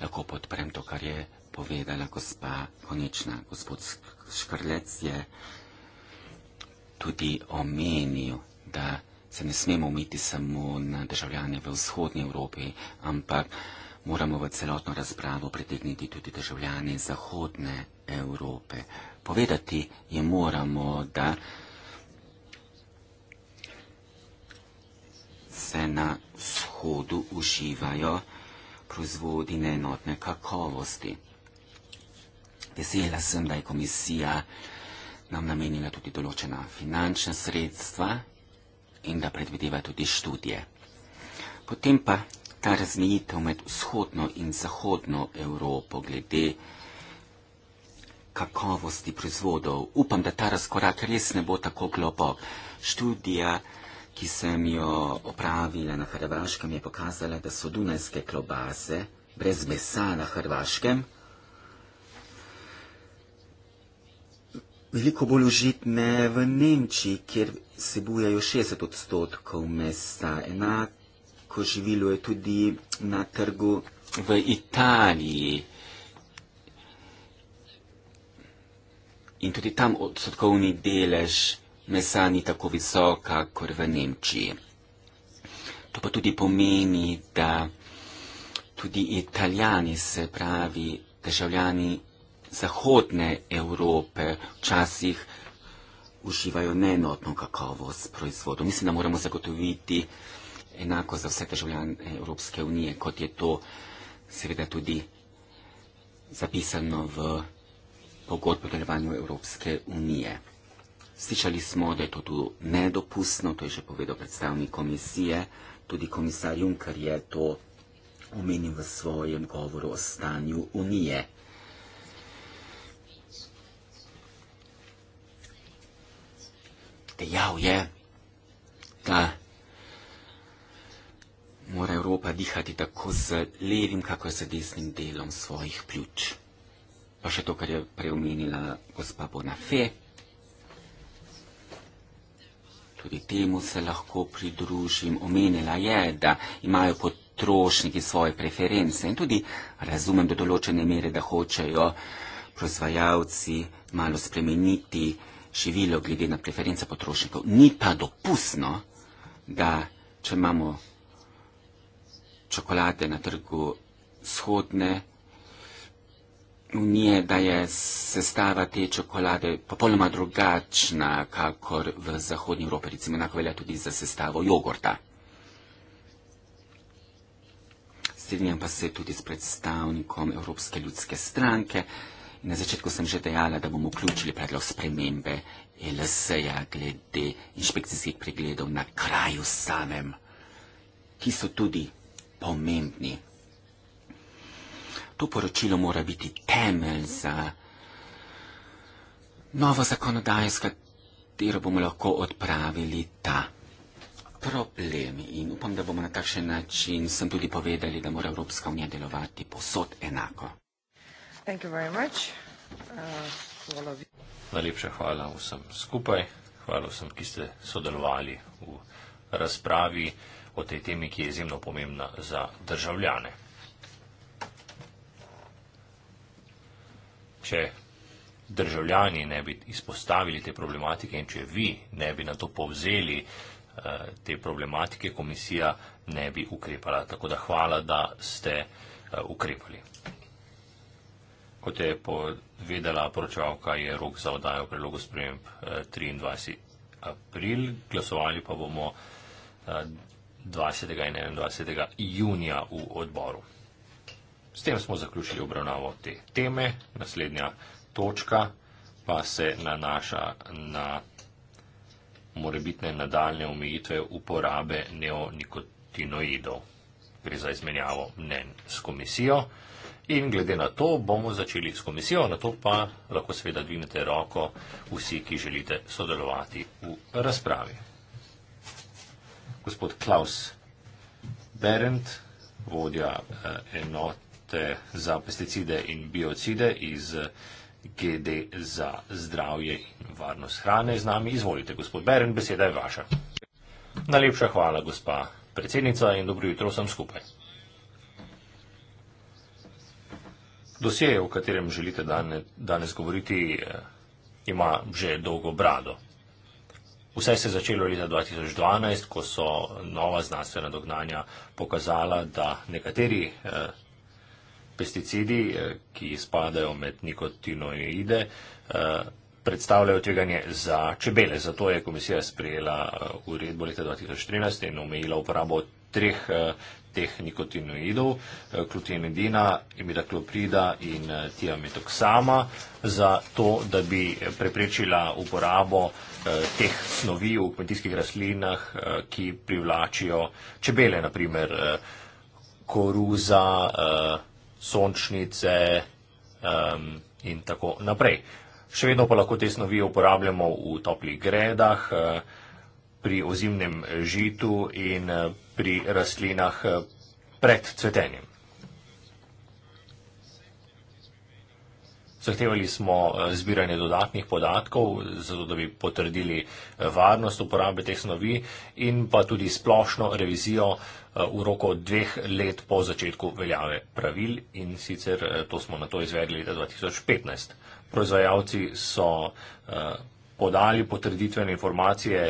lahko podprem to, kar je povedala gospa Konična. Gospod Škrlec je tudi omenil, da se ne smemo umiti samo na državljane v vzhodnji Evropi, ampak moramo v celotno razpravo pritegniti tudi državljane zahodne Evrope. Povedati je moramo, da se na vzhodu uživajo proizvodi neenotne kakovosti. Vesela sem, da je komisija nam namenila tudi določena finančna sredstva in da predvideva tudi študije. Potem pa ta razmejitev med vzhodno in zahodno Evropo glede kakovosti proizvodov. Upam, da ta razkorak res ne bo tako globok. Študija, ki sem jo opravila na Hrvaškem, je pokazala, da so dunajske klobase brez mesa na Hrvaškem. veliko bolj užitne v Nemčiji, kjer sebujajo 60 odstotkov mesa. Enako živilo je tudi na trgu v Italiji. In tudi tam odstotkovni delež mesa ni tako visoka, kot v Nemčiji. To pa tudi pomeni, da tudi italijani, se pravi državljani zahodne Evrope včasih uživajo neenotno kakovost proizvodov. Mislim, da moramo zagotoviti enako za vse državljane Evropske unije, kot je to seveda tudi zapisano v pogodbi o delovanju Evropske unije. Slišali smo, da je to tu nedopustno, to je že povedal predstavnik komisije, tudi komisar Juncker je to omenil v svojem govoru o stanju unije. te jav je, da mora Evropa dihati tako z levim, kako je z desnim delom svojih pljuč. Pa še to, kar je preomenila gospa Bonafé. Tudi temu se lahko pridružim. Omenila je, da imajo potrošniki svoje preference in tudi razumem do določene mere, da hočejo proizvajalci malo spremeniti uh, živilo glede na preference potrošnikov. Ni pa dopustno, da če imamo čokolade na trgu shodne unije, da je sestava te čokolade popolnoma drugačna, kakor v Zahodnji Evropi, recimo enako velja tudi za sestavo jogurta. Strinjam pa se tudi s predstavnikom Evropske ljudske stranke, Na začetku sem že dejala, da bomo vključili predlog spremembe LSE-ja glede inšpekcijskih pregledov na kraju samem, ki so tudi pomembni. To poročilo mora biti temelj za novo zakonodajo, s katero bomo lahko odpravili ta problem. In upam, da bomo na takšen način sem tudi povedali, da mora Evropska unija delovati posod enako. Uh, Najlepša hvala vsem skupaj, hvala vsem, ki ste sodelovali v razpravi o tej temi, ki je izjemno pomembna za državljane. Če državljani ne bi izpostavili te problematike in če vi ne bi na to povzeli eh, te problematike, komisija ne bi ukrepala. Tako da hvala, da ste eh, ukrepali kot je povedala poročevalka, je rok za odajo predlogu sprememb 23. Eh, april, glasovali pa bomo 20. Eh, in 21. junija v odboru. S tem smo zaključili obravnavo te teme. Naslednja točka pa se nanaša na morebitne nadaljne omejitve uporabe neonikotinoidov. Gre za izmenjavo mnen s komisijo. In glede na to bomo začeli s komisijo, na to pa lahko seveda dvignete roko vsi, ki želite sodelovati v razpravi. Gospod Klaus Berend, vodja eh, enote za pesticide in biocide iz GD za zdravje in varnost hrane z nami. Izvolite, gospod Berend, beseda je vaša. Najlepša hvala, gospa predsednica in dobro jutro vsem skupaj. Dosije, o katerem želite dane, danes govoriti, eh, ima že dolgo brado. Vse se je začelo leta 2012, ko so nova znanstvena dognanja pokazala, da nekateri eh, pesticidi, eh, ki spadajo med nikotinoide, predstavljajo tveganje za čebele. Zato je komisija sprejela uredbo leta 2013 in omejila uporabo treh teh nikotinoidov, eh, klotinidina, imidakloprida in eh, tiametoksama, za to, da bi preprečila uporabo eh, teh snovi v kmetijskih rastlinah, ki privlačijo čebele, naprimer koruza, sončnice in tako naprej. Še vedno pa lahko te snovi uporabljamo v toplih gredah, pri ozimnem žitu in eh, pri rastlinah eh, pred cvetenjem. Zahtevali smo eh, zbiranje dodatnih podatkov, zato da bi potrdili varnost uporabe teh snovi in pa tudi splošno revizijo v roku dveh let po začetku veljave pravil in sicer to smo na to izvedli leta 2015. Proizvajalci so podali potrditvene informacije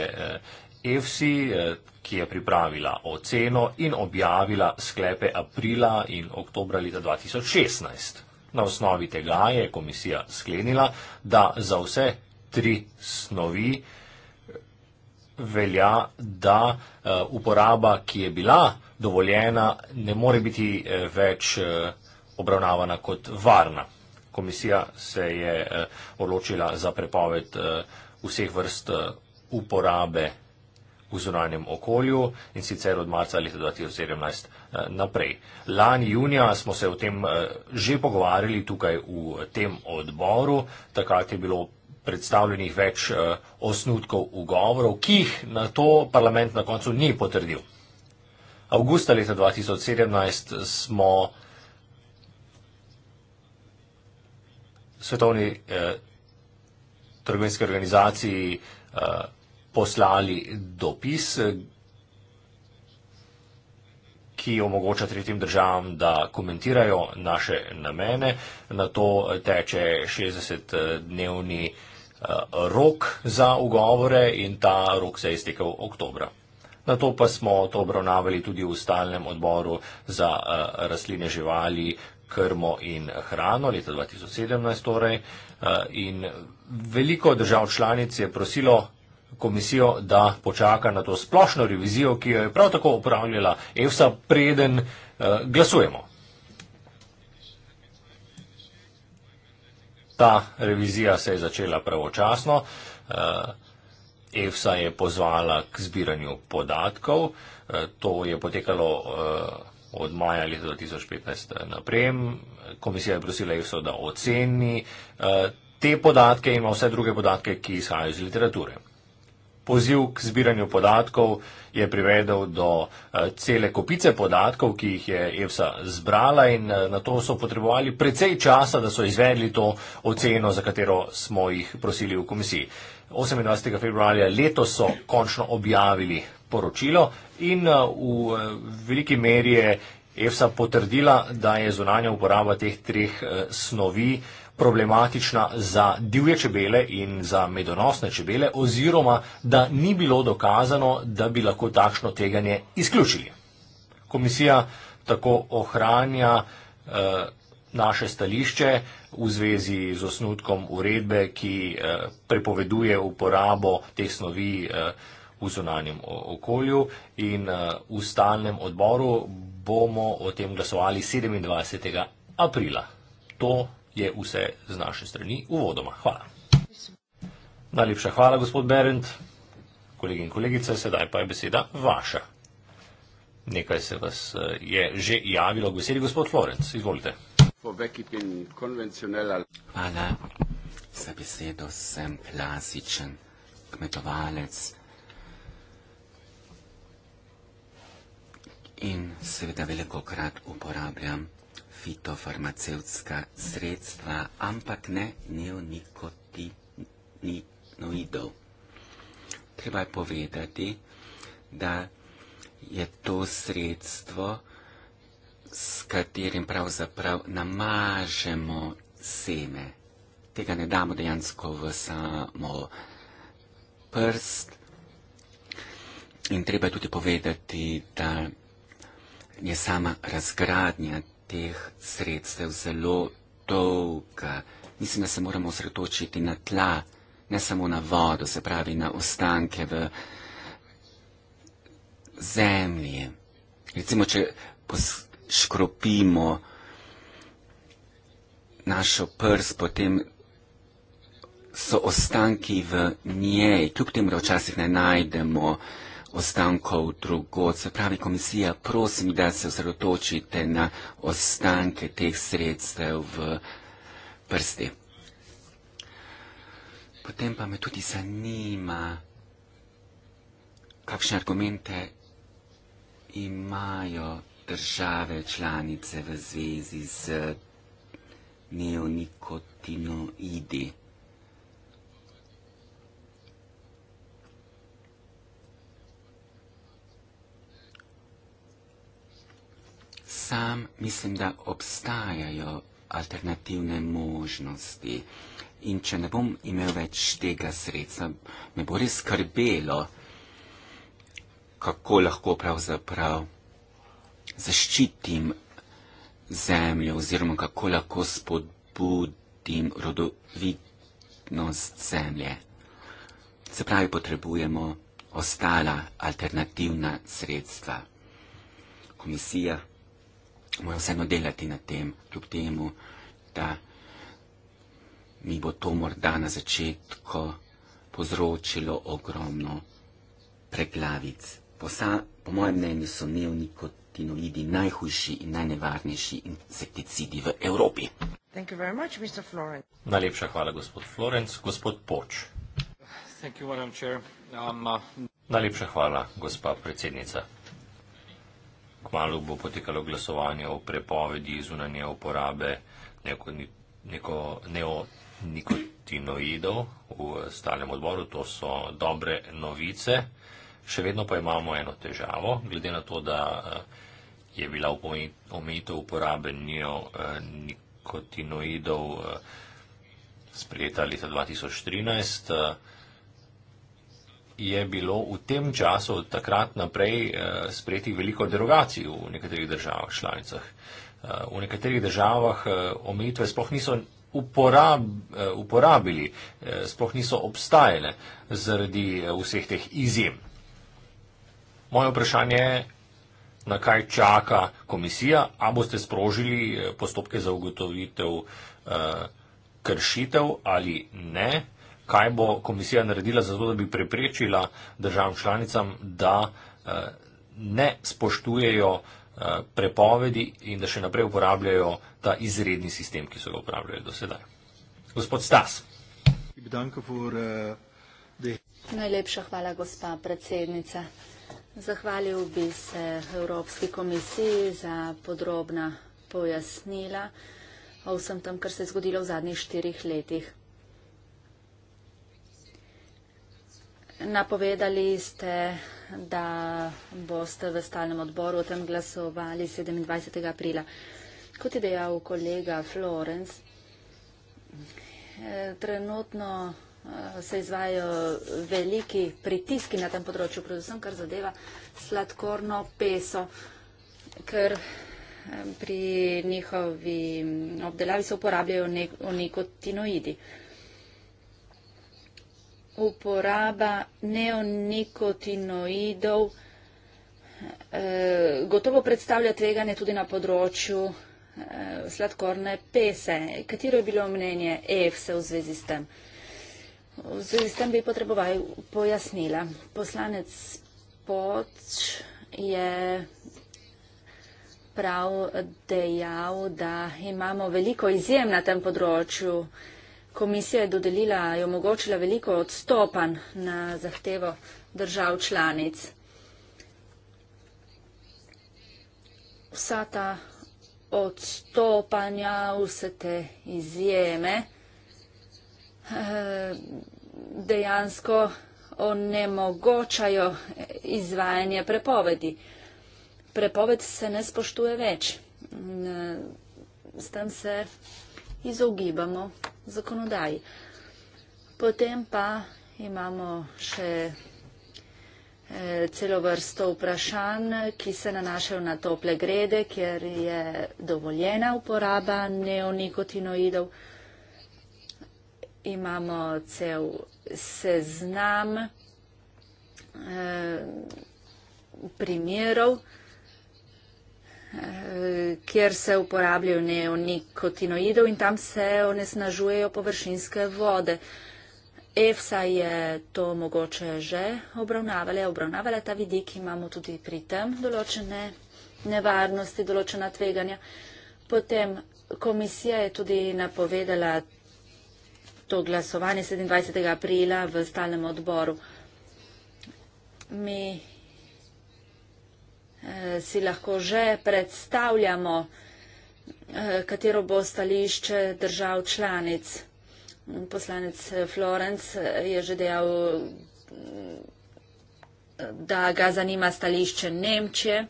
EFSI, eh, eh, ki je pripravila oceno in objavila sklepe aprila in oktobra leta 2016. Na osnovi tega je komisija sklenila, da za vse tri snovi eh, velja, da uporaba, ki je bila dovoljena, ne more biti več obravnavana kot varna komisija se je eh, odločila za prepoved eh, vseh vrst eh, uporabe v zunanjem okolju in sicer od marca leta 2017 naprej. Lani junija smo se o tem že pogovarjali tukaj v tem odboru, takrat je bilo predstavljenih več osnutkov ugovorov, ki jih na to parlament na koncu ni potrdil. Augusta leta 2017 smo svetovni eh, trgovinski organizaciji eh, poslali dopis, ki omogoča tretjim državam, da komentirajo naše namene. Na to teče 60-dnevni eh, rok za ugovore in ta rok se je iztekel oktobra. Na to pa smo to obravnavali tudi v stalnem odboru za eh, rastline živali, krmo in hrano, leta 2017 torej. Eh, in veliko držav članic je prosilo komisijo, da počaka na to splošno revizijo, ki jo je prav tako upravljala EFSA, preden eh, glasujemo. Ta revizija se je začela pravočasno. EFSA eh, je pozvala k zbiranju podatkov. To je potekalo od maja leta 2015 eh, naprej. Komisija je prosila ISO, da oceni eh, te podatke in vse druge podatke, ki izhajajo iz literature. Poziv k zbiranju podatkov je privedel do eh, cele kopice podatkov, ki jih je EFSA zbrala in na to so potrebovali precej časa, da so izvedli to oceno, za katero smo jih prosili v komisiji. 28. februarja letos so končno objavili poročilo in eh, v eh, veliki meri je EFSA potrdila, da je zunanja uporaba teh treh eh, snovi problematična za divje čebele in za medonosne čebele oziroma, da ni bilo dokazano, da bi lahko takšno teganje izključili. Komisija tako ohranja eh, naše stališče v zvezi z osnutkom uredbe, ki eh, prepoveduje uporabo te snovi eh, v zunanjem okolju in eh, v stalnem odboru bomo o tem glasovali 27. aprila. To je vse z naše strani uvodoma. Hvala. Najlepša hvala, gospod Berend. Kolegi in kolegice, sedaj pa je beseda vaša. Nekaj se vas je že javilo v besedi, gospod Florenc. Izvolite. Hvala za besedo, sem klasičen kmetovalec in seveda veliko krat uporabljam fitofarmacevtska sredstva, ampak ne neonikotinoidov. Treba je povedati, da je to sredstvo s katerim pravzaprav namažemo seme. Tega ne damo dejansko v samo prst. In treba je tudi povedati, da je sama razgradnja teh sredstev zelo dolga. Mislim, da se moramo osredotočiti na tla, ne samo na vodo, se pravi na ostanke v zemlji. Recimo, če poskušamo škropimo našo prst, potem so ostanki v njej, kljub temu, da včasih ne najdemo ostankov drugod. Se pravi, komisija, prosim, da se osredotočite na ostanke teh sredstev v prsti. Potem pa me tudi zanima, kakšne argumente imajo države članice v zvezi z neonikotinoidi. Sam mislim, da obstajajo alternativne možnosti in če ne bom imel več tega sredstva, me bo res skrbelo, kako lahko pravzaprav prav zaščitim zemljo oziroma kako lahko spodbudim rodovitnost zemlje. Se pravi, potrebujemo ostala alternativna sredstva. Komisija mora vseeno delati na tem, kljub temu, da mi bo to morda na začetku povzročilo ogromno preglavic. Po, sa, po mojem mnenju so nevni kot neonikotinoidi najhujši in najnevarnejši insekticidi v Evropi. Much, Najlepša hvala, gospod Florenc. Gospod Poč. You, um, uh... Najlepša hvala, gospa predsednica. Kmalo bo potekalo glasovanje o prepovedi zunanje uporabe neko, neko neonikotinoidov v stalnem odboru. To so dobre novice. Še vedno pa imamo eno težavo, glede na to, da uh, je bila omejitev uporabe eh, nikotinoidov eh, sprejeta leta 2013. Eh, je bilo v tem času, od takrat naprej, sprejeti veliko derogacij v nekaterih državah članicah. V nekaterih državah omejitve sploh niso uporab, uporabili, sploh niso obstajale zaradi vseh teh izjem. Moje vprašanje je, na kaj čaka komisija, a boste sprožili eh, postopke za ugotovitev eh, kršitev ali ne, kaj bo komisija naredila za to, da bi preprečila državam članicam, da eh, ne spoštujejo eh, prepovedi in da še naprej uporabljajo ta izredni sistem, ki so ga uporabljali do sedaj. Gospod Stas. Najlepša hvala, gospa predsednica. Zahvalil bi se Evropski komisiji za podrobna pojasnila o vsem tem, kar se je zgodilo v zadnjih štirih letih. Napovedali ste, da boste v stalnem odboru o tem glasovali 27. aprila. Kot je dejal kolega Florence, eh, trenutno Eh, se izvajajo veliki pritiski na tem področju, predvsem kar zadeva sladkorno peso, ker eh, pri njihovi mm, obdelavi se uporabljajo neonikotinoidi. Uporaba neonikotinoidov eh, gotovo predstavlja tveganje tudi na področju sladkorne pese. Katero je bilo mnenje EFSE v zvezi s tem? V zvezi s tem bi potreboval pojasnila. Poslanec Poč je prav dejal, da imamo veliko izjem na tem področju. Komisija je dodelila, je omogočila veliko odstopanj na zahtevo držav članic. Vsa ta odstopanja, vse te izjeme. Eh, dejansko onemogočajo izvajanje prepovedi. Prepoved se ne spoštuje več. Eh, s tem se izogibamo zakonodaji. Potem pa imamo še eh, celo vrsto vprašanj, ki se nanašajo na tople grede, kjer je dovoljena uporaba neonikotinoidov imamo cel seznam eh, primerov, eh, kjer se uporabljajo neonikotinoidov in tam se onesnažujejo površinske vode. EFSA je to mogoče že obravnavala, obravnavala ta vidik, imamo tudi pri tem določene nevarnosti, določena tveganja. Potem komisija je tudi napovedala to glasovanje 27. aprila v stalnem odboru. Mi eh, si lahko že predstavljamo, eh, katero bo stališče držav članic. Poslanec eh, Florence je že dejal, mm, da ga zanima stališče Nemčije.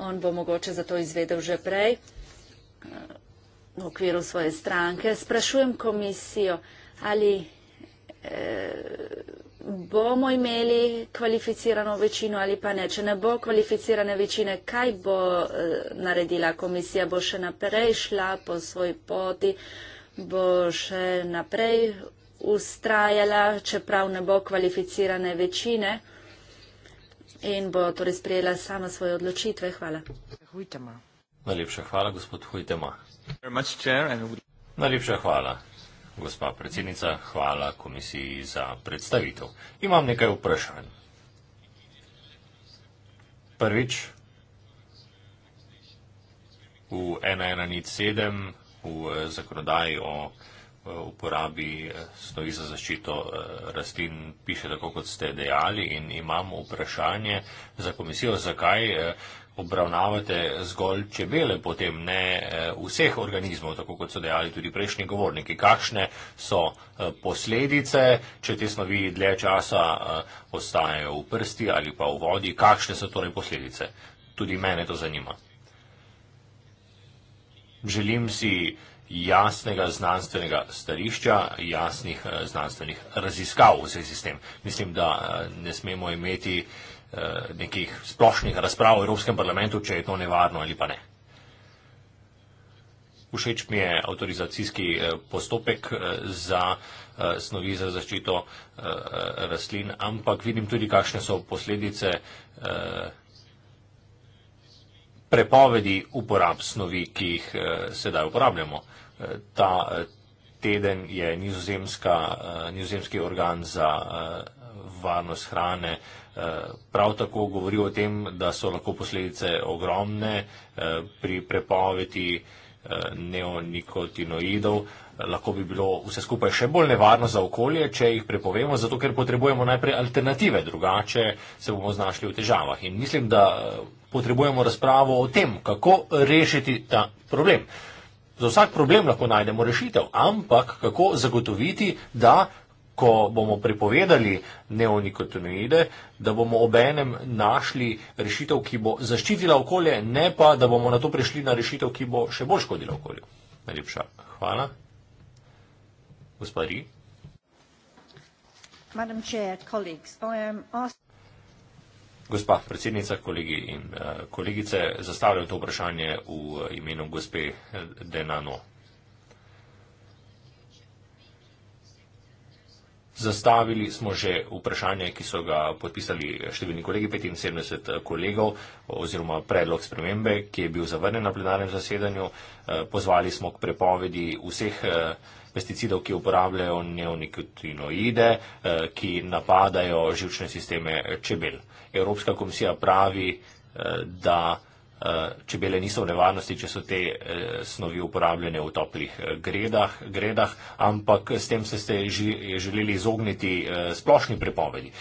On bo mogoče za to izvedel že prej v okviru svoje stranke. Sprašujem komisijo, ali e, bomo imeli kvalificirano večino ali pa ne. Če ne bo kvalificirane večine, kaj bo e, naredila komisija? Bo še naprej šla po svoji poti, bo še naprej ustrajala, čeprav ne bo kvalificirane večine in bo torej sprejela sama svoje odločitve. Hvala. Najlepša hvala, gospod Hujtema. Najlepša hvala, gospa predsednica. Hvala komisiji za predstavitev. Imam nekaj vprašanj. Prvič, v 1107, v zakonodaji o uporabi eh, snovi za zaščito eh, rastlin piše tako, kot ste dejali in imam vprašanje za komisijo, zakaj eh, obravnavate zgolj čebele, potem ne vseh organizmov, tako kot so dejali tudi prejšnji govorniki. Kakšne so posledice, če te snovi dlje časa ostajajo v prsti ali pa v vodi, kakšne so torej posledice? Tudi mene to zanima. Želim si jasnega znanstvenega stališča, jasnih eh, znanstvenih raziskav v zvezi s tem. Mislim, da eh, ne smemo imeti eh, nekih splošnih razprav v Evropskem parlamentu, če je to nevarno ali pa ne. Všeč mi je avtorizacijski postopek za snovi za zaščito rastlin, ampak vidim tudi, kakšne so posledice prepovedi uporab snovi, ki jih eh, sedaj uporabljamo. Eh, ta eh, teden je eh, nizozemski organ za eh, varnost hrane eh, prav tako govoril o tem, da so lahko posledice ogromne eh, pri prepovedi eh, neonikotinoidov. Lahko bi bilo vse skupaj še bolj nevarno za okolje, če jih prepovemo, zato ker potrebujemo najprej alternative, drugače se bomo znašli v težavah. In mislim, da potrebujemo razpravo o tem, kako rešiti ta problem. Za vsak problem lahko najdemo rešitev, ampak kako zagotoviti, da ko bomo prepovedali neonikotinoide, da bomo obenem našli rešitev, ki bo zaščitila okolje, ne pa, da bomo na to prišli na rešitev, ki bo še bolj škodila okolju. Najlepša hvala. Gospodari. Madam Chair, colleagues, I am asked. Gospa predsednica, kolegi in eh, kolegice, zastavljam to vprašanje v eh, imenu gospe eh, Denano. Zastavili smo že vprašanje, ki so ga podpisali številni kolegi, 75 kolegov oziroma predlog spremembe, ki je bil zavrnjen na plenarnem zasedanju. Pozvali smo k prepovedi vseh pesticidov, ki uporabljajo neonikotinoide, eh, ki napadajo živčne sisteme čebel. Evropska komisija pravi, eh, da eh, čebele niso v nevarnosti, če so te snovi uporabljene v toplih gredah, gredah ampak s tem ste želeli izogniti splošni prepovedi.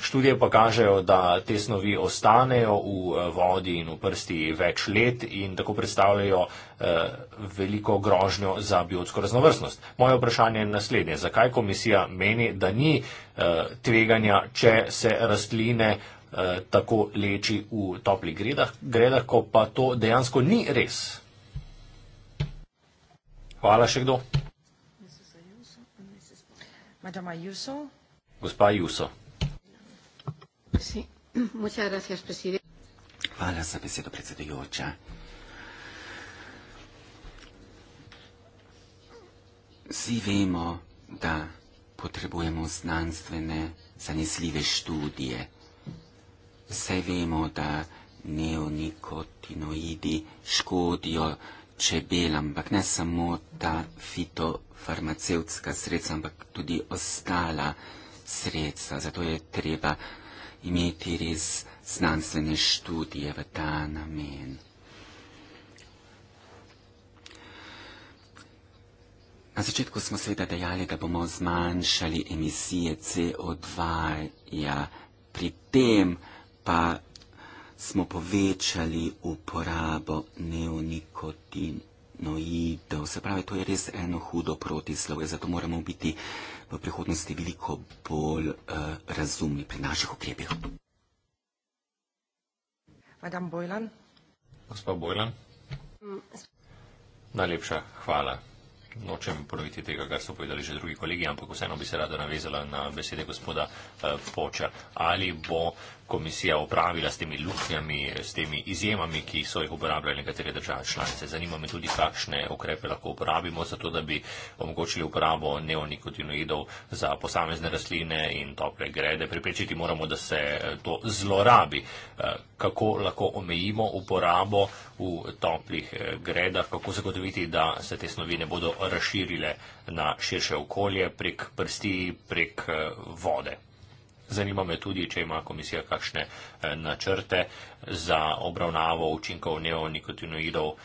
Študije pa kažejo, da te snovi ostanejo v eh, vodi in v prsti več let in tako predstavljajo eh, veliko grožnjo za biotsko raznovrstnost. Moje vprašanje je naslednje. Zakaj komisija meni, da ni eh, tveganja, če se rastline eh, tako leči v toplih gredah, gredah, ko pa to dejansko ni res? Hvala še kdo. Gospa Juso. Hvala za besedo, predsedujoča. Vsi vemo, da potrebujemo znanstvene, zanesljive študije. Vse vemo, da neonikotinoidi škodijo čebelam, ampak ne samo ta fitofarmacevtska sredstva, ampak tudi ostala sredstva. Zato je treba imeti res znanstvene študije v ta namen. Na začetku smo seveda dejali, da bomo zmanjšali emisije CO2, ja, pri tem pa smo povečali uporabo neonikotin paranoidov. Se pravi, to je res eno hudo protislovje, zato moramo biti v prihodnosti veliko bolj uh, razumni pri naših ukrepih. Madame Bojlan. Gospod Bojlan. Najlepša hvala. Nočem ponoviti tega, kar so povedali že drugi kolegi, ampak vseeno bi se rada navezala na besede gospoda eh, Poča. Ali bo komisija opravila s temi luknjami, s temi izjemami, ki so jih uporabljali nekatere države članice. Zanima me tudi, kakšne ukrepe lahko uporabimo za to, da bi omogočili uporabo neonikotinoidov za posamezne rastline in tople grede. Preprečiti moramo, da se eh, to zlorabi. Eh, kako lahko omejimo uporabo v toplih eh, gredah, kako zagotoviti, da se te snovi ne bodo razširile na širše okolje prek prsti, prek vode. Zanima me tudi, če ima komisija kakšne eh, načrte za obravnavo učinkov neonikotinoidov eh,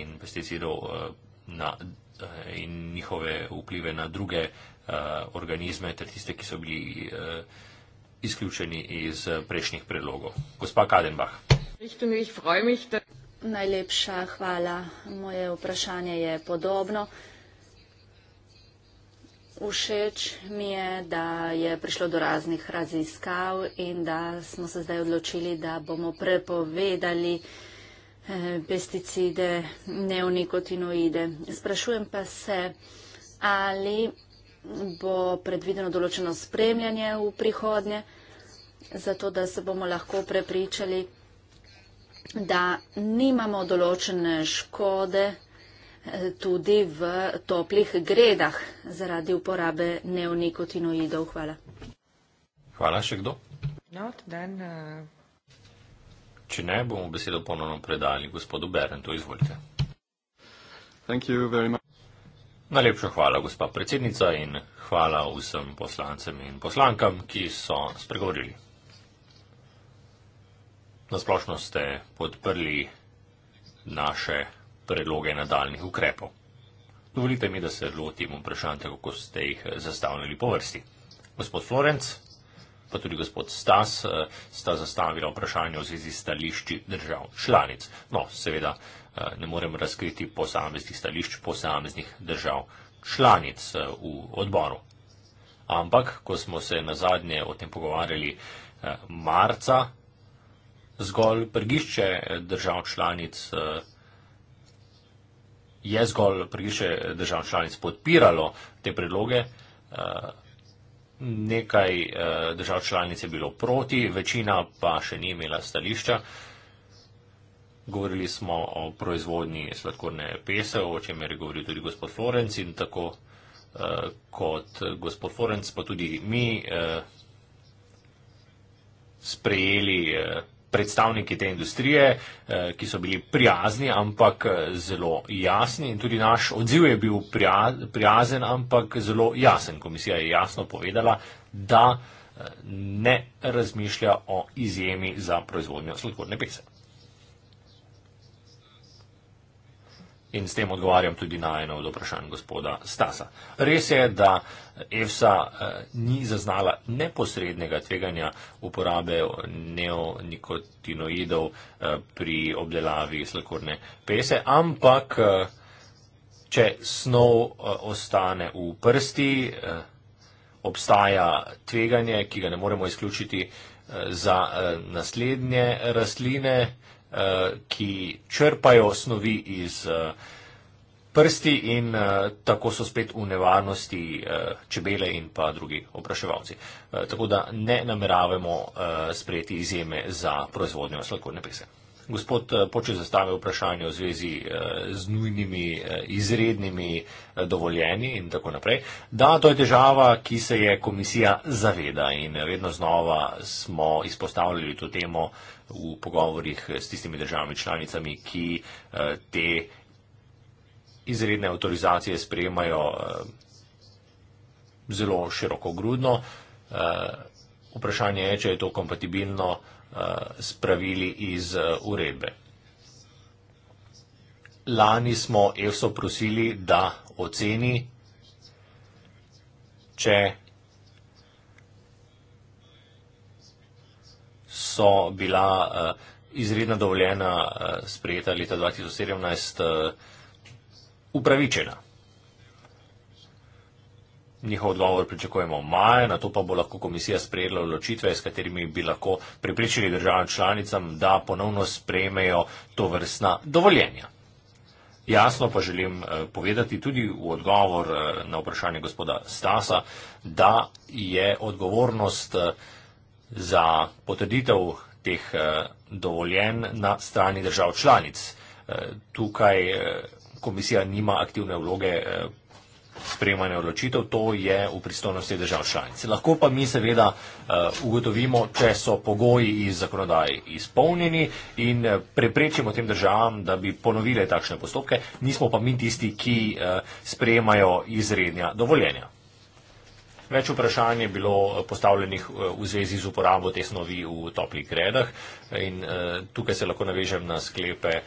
in pesticidov eh, na, in njihove vplive na druge organizme ter tiste, ki so bili izključeni iz prejšnjih predlogov. Gospa Kadenbach. Najlepša hvala. Moje vprašanje je podobno. Všeč mi je, da je prišlo do raznih raziskav in da smo se zdaj odločili, da bomo prepovedali eh, pesticide, neonikotinoide. Sprašujem pa se, ali bo predvideno določeno spremljanje v prihodnje, zato da se bomo lahko prepričali, da nimamo določene škode tudi v toplih gredah zaradi uporabe neonikotinoidov. Hvala. Hvala še kdo? Not, then, uh... Če ne, bomo besedo ponovno predali gospodu Berentu. Izvolite. Najlepša hvala, gospa predsednica, in hvala vsem poslancem in poslankam, ki so spregovorili. Nasplošno ste podprli naše predloge nadaljnih ukrepov. Dovolite mi, da se lotim vprašanj, kako ste jih eh, zastavili po vrsti. Gospod Florenc, pa tudi gospod Stas, eh, sta zastavila vprašanje v zvezi stališči držav članic. No, seveda, eh, ne morem razkriti posameznih stališč posameznih držav članic v odboru. Ampak, ko smo se na zadnje o tem pogovarjali marca, zgolj prgišče držav članic je zgolj priše držav članic podpiralo te predloge. Eh, nekaj eh, držav članic je bilo proti, večina pa še ni imela stališča. Govorili smo o proizvodni sladkorne pese, o čemer je govoril tudi gospod Florenc in tako eh, kot gospod Florenc, pa tudi mi sprejeli predstavniki te industrije, eh, ki so bili prijazni, ampak eh, zelo jasni in tudi naš odziv je bil prijazen, ampak zelo jasen. Komisija je jasno povedala, da eh, ne razmišlja o izjemi za proizvodnjo sladkorne pese. In s tem odgovarjam tudi na eno od vprašanj gospoda Stasa. Res je, da EFSA eh, ni zaznala neposrednega tveganja uporabe neonikotinoidov eh, pri obdelavi sladkorne pese, ampak eh, če snov ostane v prsti, obstaja tveganje, ki ga ne moremo izključiti za naslednje rastline, Eh, ki črpajo snovi iz eh, prsti in eh, tako so spet v nevarnosti čebele in pa drugi opraševalci. Tako da ne nameravamo sprejeti izjeme za proizvodnjo sladkorne pese gospod eh, Počeš zastavil vprašanje v zvezi eh, z nujnimi eh, izrednimi dovoljeni in tako naprej. Da, to je težava, ki se je komisija zaveda in vedno znova smo izpostavljali to temo v pogovorjih s tistimi državami članicami, ki te izredne avtorizacije sprejemajo zelo širokogrudno. Vprašanje je, če je to kompatibilno uh, Eh, s pravili iz eh, uredbe. Lani smo EFSO prosili, da oceni, če so bila eh, izredna dovoljena sprejeta leta 2017 upravičena. Njihov odgovor pričakujemo v maju, na to pa bo lahko komisija sprejela odločitve, s katerimi bi lahko pripričali državam članicam, da ponovno sprejmejo to vrstna dovoljenja. Jasno pa želim eh, povedati tudi v odgovor eh, na vprašanje gospoda Stasa, da je odgovornost eh, za potrditev teh dovoljen na strani držav članic. Tukaj komisija nima aktivne vloge sprejemanja odločitev, to je v pristojnosti držav članic. Lahko pa mi seveda eh, ugotovimo, če so pogoji iz zakonodaje izpolnjeni in eh, preprečimo tem državam, da bi ponovile takšne postopke, nismo pa mi tisti, ki eh, sprejemajo izrednja dovoljenja. Več vprašanj je bilo postavljenih v zvezi z uporabo te snovi v toplih gredah in tukaj se lahko navežem na sklepe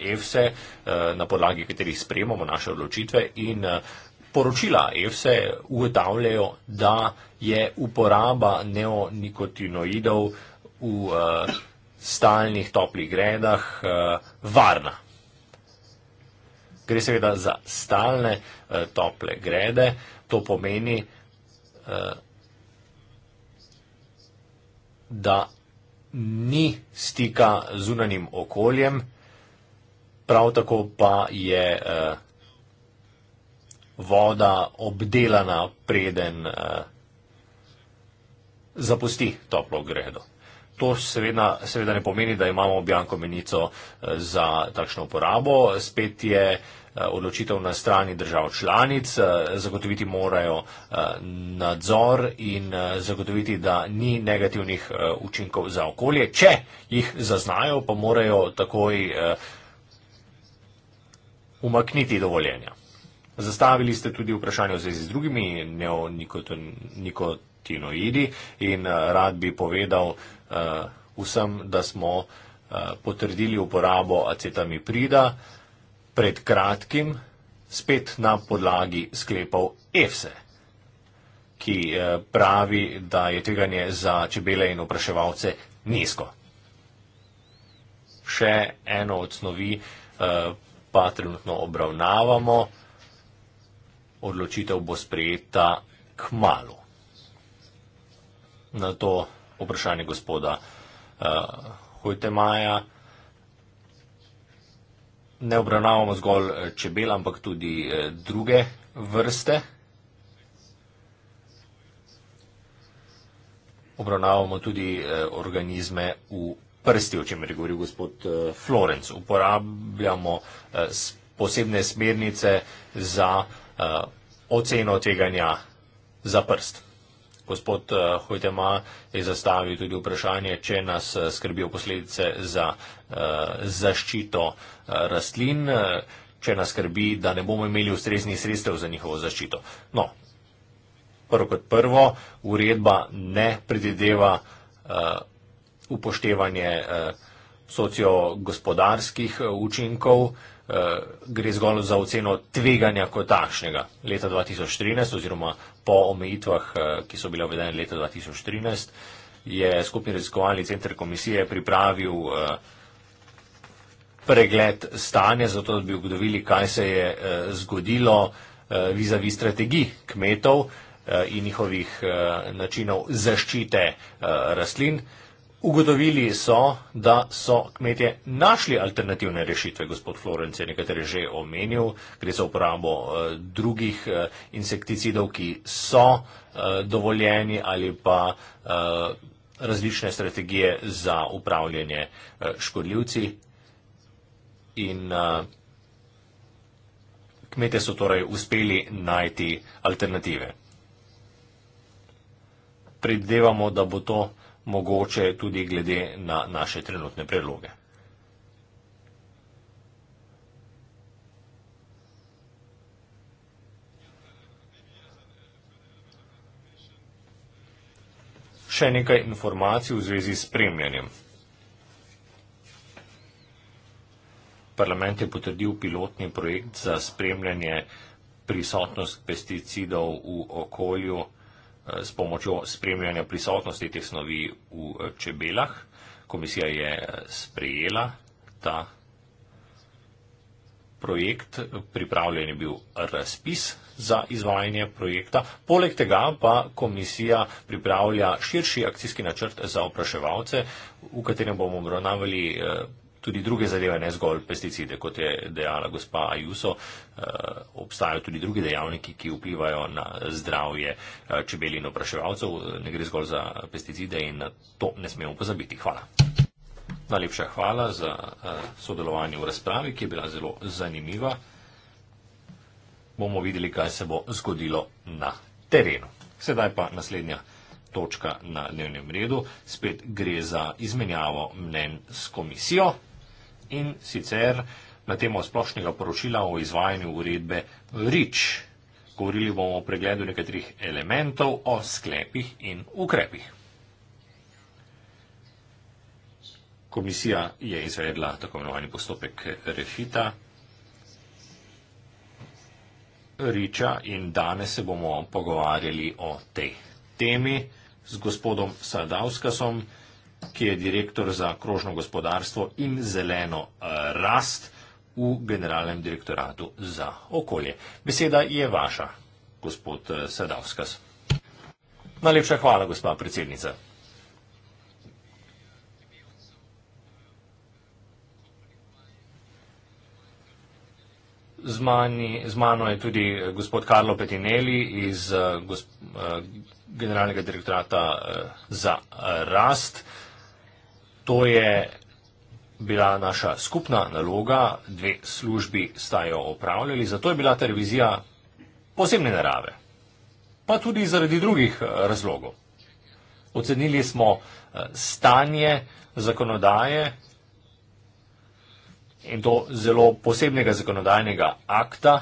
EFSE, na podlagi katerih sprejemamo naše odločitve in poročila EFSE ugotavljajo, da je uporaba neonikotinoidov v uh, stalnih toplih gredah uh, varna. Gre seveda za stalne uh, tople grede, to pomeni, uh, da ni stika z unanim okoljem, prav tako pa je uh, voda obdelana, preden uh, zapusti toplo gredo. To seveda, seveda ne pomeni, da imamo bjanko menico eh, za takšno uporabo. Spet je eh, odločitev na strani držav članic. Zagotoviti morajo nadzor in zagotoviti, da ni negativnih učinkov za okolje. Če jih zaznajo, pa morajo takoj umakniti dovoljenja. Zastavili ste tudi vprašanje v zvezi z drugimi neonikotinoidi in eh, rad bi povedal uh, vsem, da smo uh, potrdili uporabo acetamiprida pred kratkim spet na podlagi sklepov EFSE, ki uh, pravi, da je tveganje za čebele in opraševalce nizko. Še eno od snovi uh, pa trenutno obravnavamo odločitev bo sprejeta k malu. Na to vprašanje gospoda uh, Hojtemaja ne obravnavamo zgolj eh, čebel, ampak tudi uh, druge vrste. Obravnavamo tudi uh, organizme v prsti, o čemer je govoril gospod uh, Florenc. Uporabljamo uh, posebne smernice za uh, uh, oceno tveganja za prst. Gospod uh, Hojtema je zastavil tudi vprašanje, če nas eh, skrbijo posledice za uh, zaščito uh, rastlin, uh, če nas skrbi, da ne bomo imeli ustreznih sredstev za njihovo zaščito. No, prvo kot prvo, uredba ne predideva uh, upoštevanje uh, sociogospodarskih učinkov uh, Eh, gre zgolj za oceno tveganja kot takšnega. Leta 2013 oziroma po omejitvah, eh, ki so bile uvedene leta 2013, je skupni raziskovalni center komisije pripravil eh, pregled stanja, zato da bi ugotovili, kaj se je zgodilo vizavi strategij kmetov in njihovih načinov zaščite rastlin. Ugotovili so, da so kmetje našli alternativne rešitve, gospod Florence je nekatere že omenil, gre za uporabo eh, drugih eh, insekticidov, ki so eh, dovoljeni ali pa eh, različne strategije za upravljanje eh, škodljivci. In eh, kmete so torej uspeli najti alternative. Predvidevamo, da bo to mogoče tudi glede na naše trenutne predloge. Še nekaj informacij v zvezi s spremljanjem. Parlament je potrdil pilotni projekt za spremljanje prisotnost pesticidov v okolju. Eh, s pomočjo spremljanja prisotnosti teh snovi v eh, čebelah. Komisija je eh, sprejela ta projekt, pripravljen je bil razpis za izvajanje projekta. Poleg tega pa komisija pripravlja širši akcijski načrt za opraševalce, v katerem bomo obravnavali tudi druge zadeve, ne zgolj pesticide, kot je dejala gospa Ajuso. Eh, obstajajo tudi drugi dejavniki, ki vplivajo na zdravje eh, čebel in opraševalcev. Ne gre zgolj za pesticide in to ne smemo pozabiti. Hvala. Najlepša hvala za eh, sodelovanje v razpravi, ki je bila zelo zanimiva. Bomo videli, kaj se bo zgodilo na terenu. Sedaj pa naslednja točka na dnevnem redu. Spet gre za izmenjavo mnen s komisijo in sicer na temo splošnega poročila o izvajanju uredbe RIČ. Govorili bomo o pregledu nekaterih elementov, o sklepih in ukrepih. Komisija je izvedla tako imenovani postopek refita riča in danes se bomo pogovarjali o tej temi z gospodom Sadavskasom ki je direktor za krožno gospodarstvo in zeleno eh, rast v generalnem direktoratu za okolje. Beseda je vaša, gospod eh, Sedavskas. Najlepša hvala, gospa predsednica. Z, mani, z mano je tudi eh, gospod Karlo Petinelli iz gosp, generalnega direktorata za rast. To je bila naša skupna naloga, dve službi sta jo opravljali, zato je bila ta revizija posebne narave, pa tudi zaradi drugih eh, razlogov. Ocenili smo eh, stanje zakonodaje in to zelo posebnega zakonodajnega akta,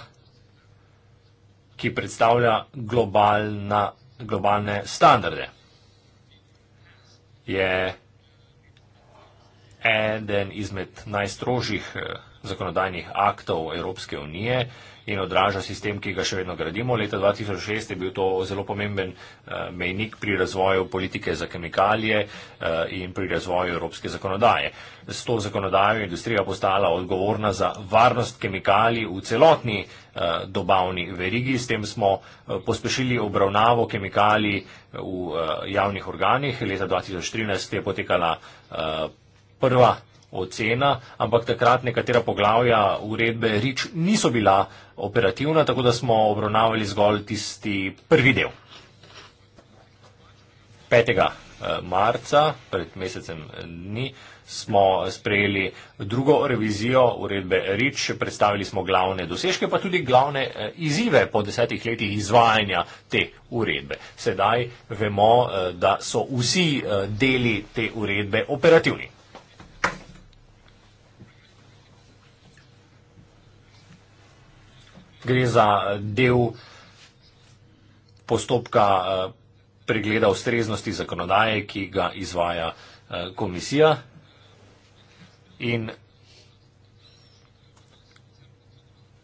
ki predstavlja globalna, globalne standarde. Je yeah eden izmed najstrožjih eh, zakonodajnih aktov Evropske unije in odraža sistem, ki ga še vedno gradimo. Leta 2006 je bil to zelo pomemben eh, mejnik pri razvoju politike za kemikalije eh, in pri razvoju evropske zakonodaje. S to zakonodajo je industrija postala odgovorna za varnost kemikalij v celotni dobavni verigi. S tem smo pospešili obravnavo kemikalij v javnih organih. Leta 2013 je potekala prva ocena, ampak takrat nekatera poglavja uredbe Rič niso bila operativna, tako da smo obravnavali zgolj tisti prvi del. 5. Eh, marca, pred mesecem dni, smo sprejeli drugo revizijo uredbe Rič, predstavili smo glavne dosežke, pa tudi glavne eh, izzive po desetih letih izvajanja te uredbe. Sedaj vemo, eh, da so vsi deli te uredbe operativni. gre za eh, del postopka eh, pregleda ustreznosti zakonodaje, ki ga izvaja eh, komisija. In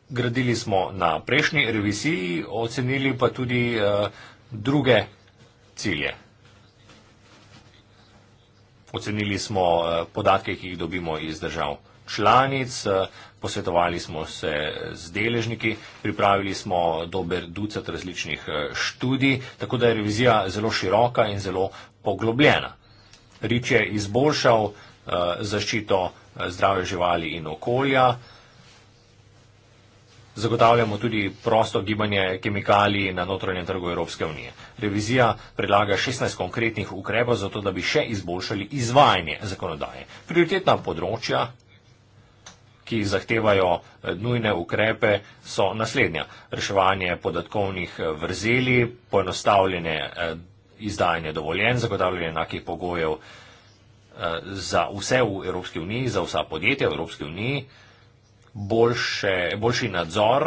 gradili smo na prejšnji revisiji, ocenili pa tudi druge cilje. Ocenili smo podatke, ki jih dobimo iz držav članic, eh, posvetovali smo se z deležniki, pripravili smo dober ducat različnih eh, študij, tako da je revizija zelo široka in zelo poglobljena. Rič je izboljšal eh, zaščito zdrave živali in okolja, zagotavljamo tudi prosto gibanje kemikalij na notranjem trgu Evropske unije. Revizija predlaga 16 konkretnih ukrepov za to, da bi še izboljšali izvajanje zakonodaje. Prioritetna področja ki jih zahtevajo eh, nujne ukrepe, so naslednja. Reševanje podatkovnih eh, vrzeli, poenostavljene eh, izdajanje dovoljen, zagotavljanje enakih pogojev za vse v Evropski uniji, za vsa podjetja v Evropski uniji, boljše, boljši nadzor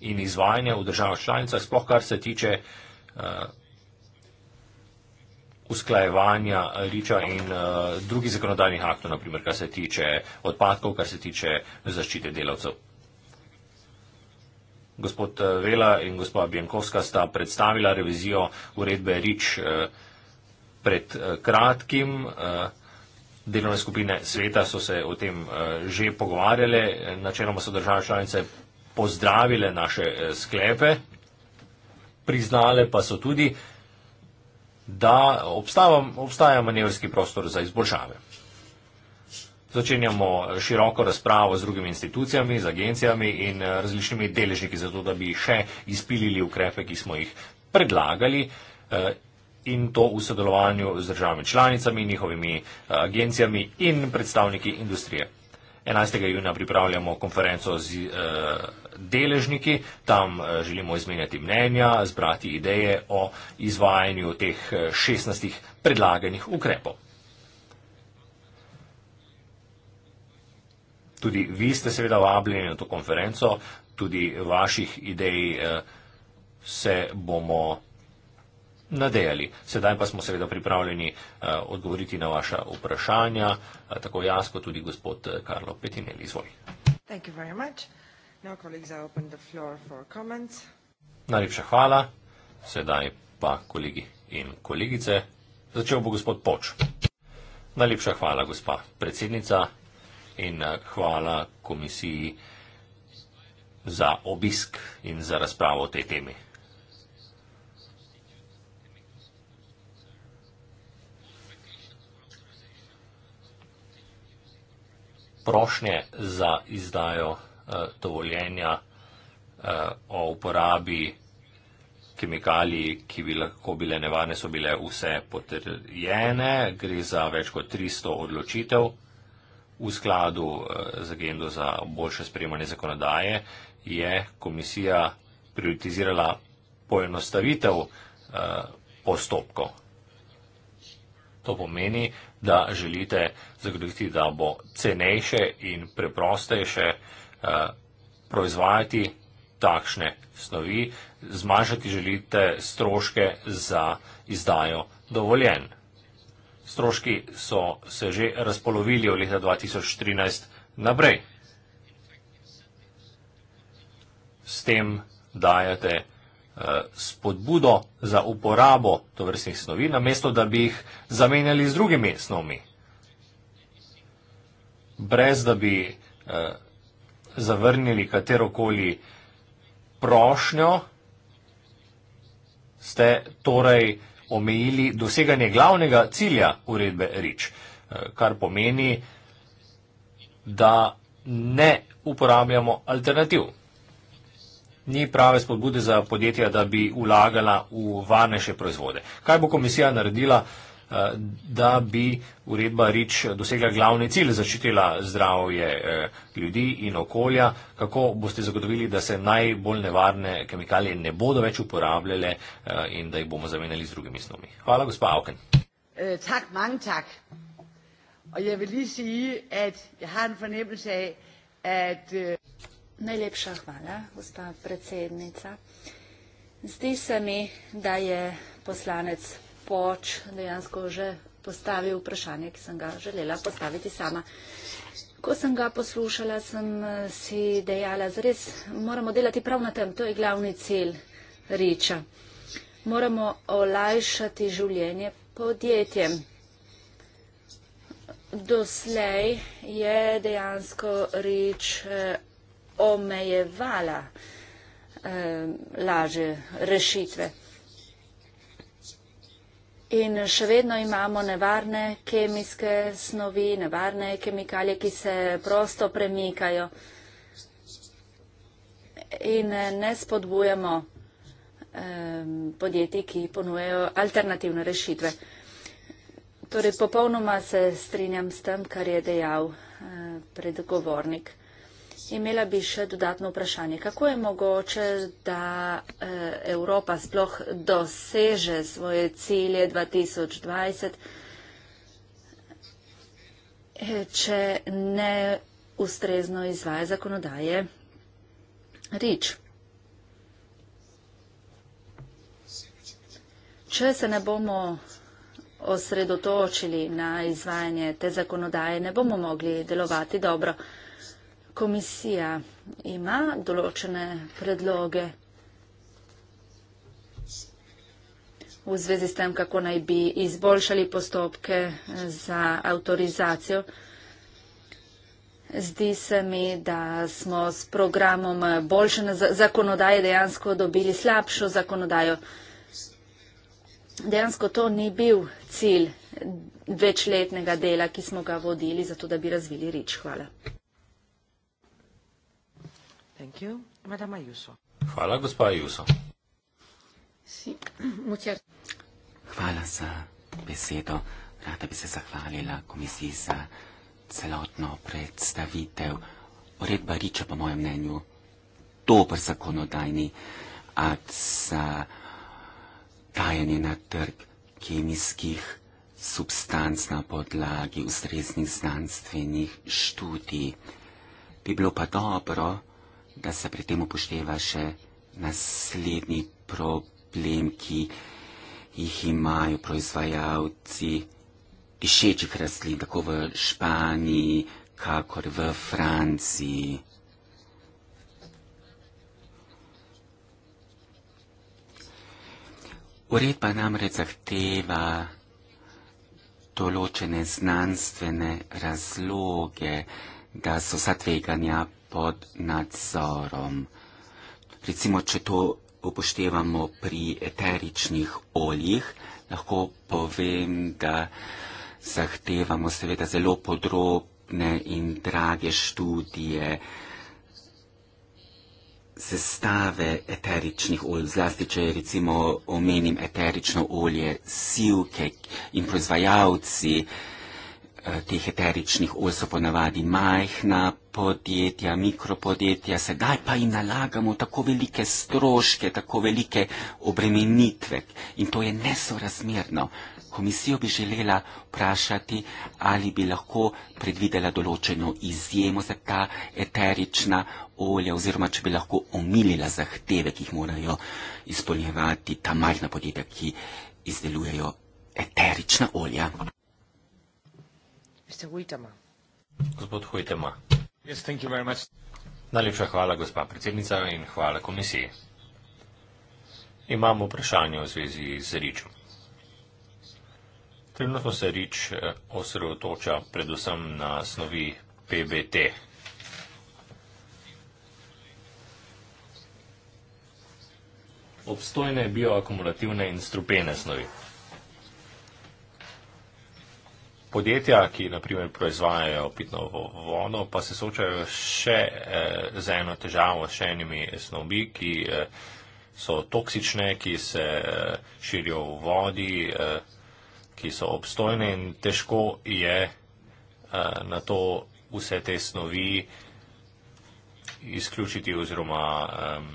in izvajanje v državah članicah, sploh kar se tiče usklajevanja riča in uh, drugih zakonodajnih aktov, naprimer, kar se tiče odpadkov, kar se tiče zaščite delavcev. Gospod eh, Vela in gospod Bjankovska sta predstavila revizijo uredbe Rič eh, pred kratkim. Delovne skupine sveta so se o tem že pogovarjale, načeloma so države članice pozdravile naše sklepe, priznale pa so tudi, da obstava, obstaja manevrski prostor za izboljšave. Začenjamo široko razpravo z drugimi institucijami, z agencijami in eh, različnimi deležniki, zato da bi še izpilili ukrepe, ki smo jih predlagali eh, in to v sodelovanju z državami članicami, njihovimi eh, agencijami in predstavniki industrije. 11. junija pripravljamo konferenco z deležniki, tam eh, želimo izmenjati mnenja, zbrati ideje o izvajanju teh 16 eh, predlaganih ukrepov. Tudi vi ste seveda vabljeni na to konferenco, tudi vaših idej eh, se bomo nadejali. Sedaj pa smo seveda pripravljeni odgovoriti na vaša vprašanja, tako jaz kot tudi gospod Karlo Petinelli. Izvolite. Najlepša hvala. Sedaj pa kolegi in kolegice. Začel bo gospod Poč. Najlepša hvala, gospa predsednica, in eh, hvala komisiji za obisk in za razpravo o tej temi. Prošnje za izdajo Eh, dovoljenja eh, o uporabi kemikalij, ki bi lahko bile nevarne, so bile vse potrjene. Gre za več kot 300 odločitev v skladu eh, z agendo za boljše sprejemanje zakonodaje. Je komisija prioritizirala poenostavitev postopkov. To pomeni, da želite zagotoviti, da bo cenejše in preprostejše uh, proizvajati takšne snovi, zmanjšati želite stroške za izdajo dovoljen. Stroški so se že razpolovili v leta 2013 naprej. S tem dajate eh, spodbudo za uporabo tovrstnih snovi, namesto da bi jih zamenjali z drugimi snovmi. Brez da bi eh, zavrnili katero koli prošnjo, ste torej omejili doseganje glavnega cilja uredbe REACH, kar pomeni, da ne uporabljamo alternativ. Ni prave spodbude za podjetja, da bi ulagala v varnejše proizvode. Kaj bo komisija naredila? Eh, da bi uredba REACH dosegla glavni cilj, zaščitila zdravje eh, ljudi in okolja. Kako boste zagotovili, da se najbolj nevarne kemikalije ne bodo več uporabljale eh, in da jih bomo zamenjali z drugimi snovmi? Hvala, gospa Avken. Tak, mange tak. Og jeg vil lige sige, at jeg har en fornemmelse af, at... Øh, Najlepša hvala, gospa predsednica. Zdi se mi, da je poslanec gospod dejansko že postavil vprašanje, ki sem ga želela postaviti sama. Ko sem ga poslušala, sem eh, si dejala, zares moramo delati prav na tem, to je glavni cilj riča. Moramo olajšati življenje podjetjem. Doslej je dejansko rič eh, omejevala eh, laže rešitve. In še vedno imamo nevarne kemijske snovi, nevarne kemikalije, ki se prosto premikajo in eh, ne spodbujamo ehm, podjetij, ki ponujejo alternativne rešitve. Torej, popolnoma se strinjam s tem, kar je dejal eh, predgovornik. Imela bi še dodatno vprašanje. Kako je mogoče, da eh, Evropa sploh doseže svoje cilje 2020, eh, če ne ustrezno izvaja zakonodaje? Rič. Če se ne bomo osredotočili na izvajanje te zakonodaje, ne bomo mogli delovati dobro komisija ima določene predloge v zvezi s tem, kako naj bi izboljšali postopke za avtorizacijo. Zdi se mi, da smo s programom boljše zakonodaje dejansko dobili slabšo zakonodajo. Dejansko to ni bil cilj večletnega dela, ki smo ga vodili, zato da bi razvili rič. Hvala. Thank you. Madame Ayuso. Hvala, gospa Ayuso. Si. Hvala za besedo. Rada bi se zahvalila komisiji za celotno predstavitev. Uredba Riča, po mojem mnenju, dober zakonodajni akt za dajanje na trg kemijskih substanc na podlagi ustreznih znanstvenih študij. Bi bilo pa dobro, da se pri tem upošteva še naslednji problem, ki jih imajo proizvajalci išečih rastlin, tako v Španiji, kakor v Franciji. Uredba namreč zahteva določene znanstvene razloge, da so sadveganja pod nadzorom. Recimo, če to upoštevamo pri eteričnih oljih, lahko povem, da zahtevamo seveda zelo podrobne in drage študije sestave eteričnih olj, zlasti če recimo omenim eterično olje, sivke in proizvajalci, Eh, teh eteričnih olj so ponavadi majhna podjetja, mikropodjetja, sedaj pa jim nalagamo tako velike stroške, tako velike obremenitve in to je nesorazmerno. Komisijo bi želela vprašati, ali bi lahko predvidela določeno izjemo za ta eterična olja oziroma če bi lahko omilila zahteve, ki jih morajo izpolnjevati ta majhna podjetja, ki izdelujejo eterična olja. Mr. Huitema. Gospod Huitema. Najlepša hvala, gospa predsednica, in hvala komisiji. Imamo vprašanje v zvezi z ričem. Trenutno se rič eh, osredotoča predvsem na snovi PBT. Obstojne bioakumulativne in strupene snovi podjetja, ki naprimer proizvajajo pitno vodo, pa se soočajo še eh, z eno težavo, še enimi snovmi, ki eh, so toksične, ki se eh, širijo v vodi, ki so obstojne in težko je na to vse te snovi izključiti oziroma um,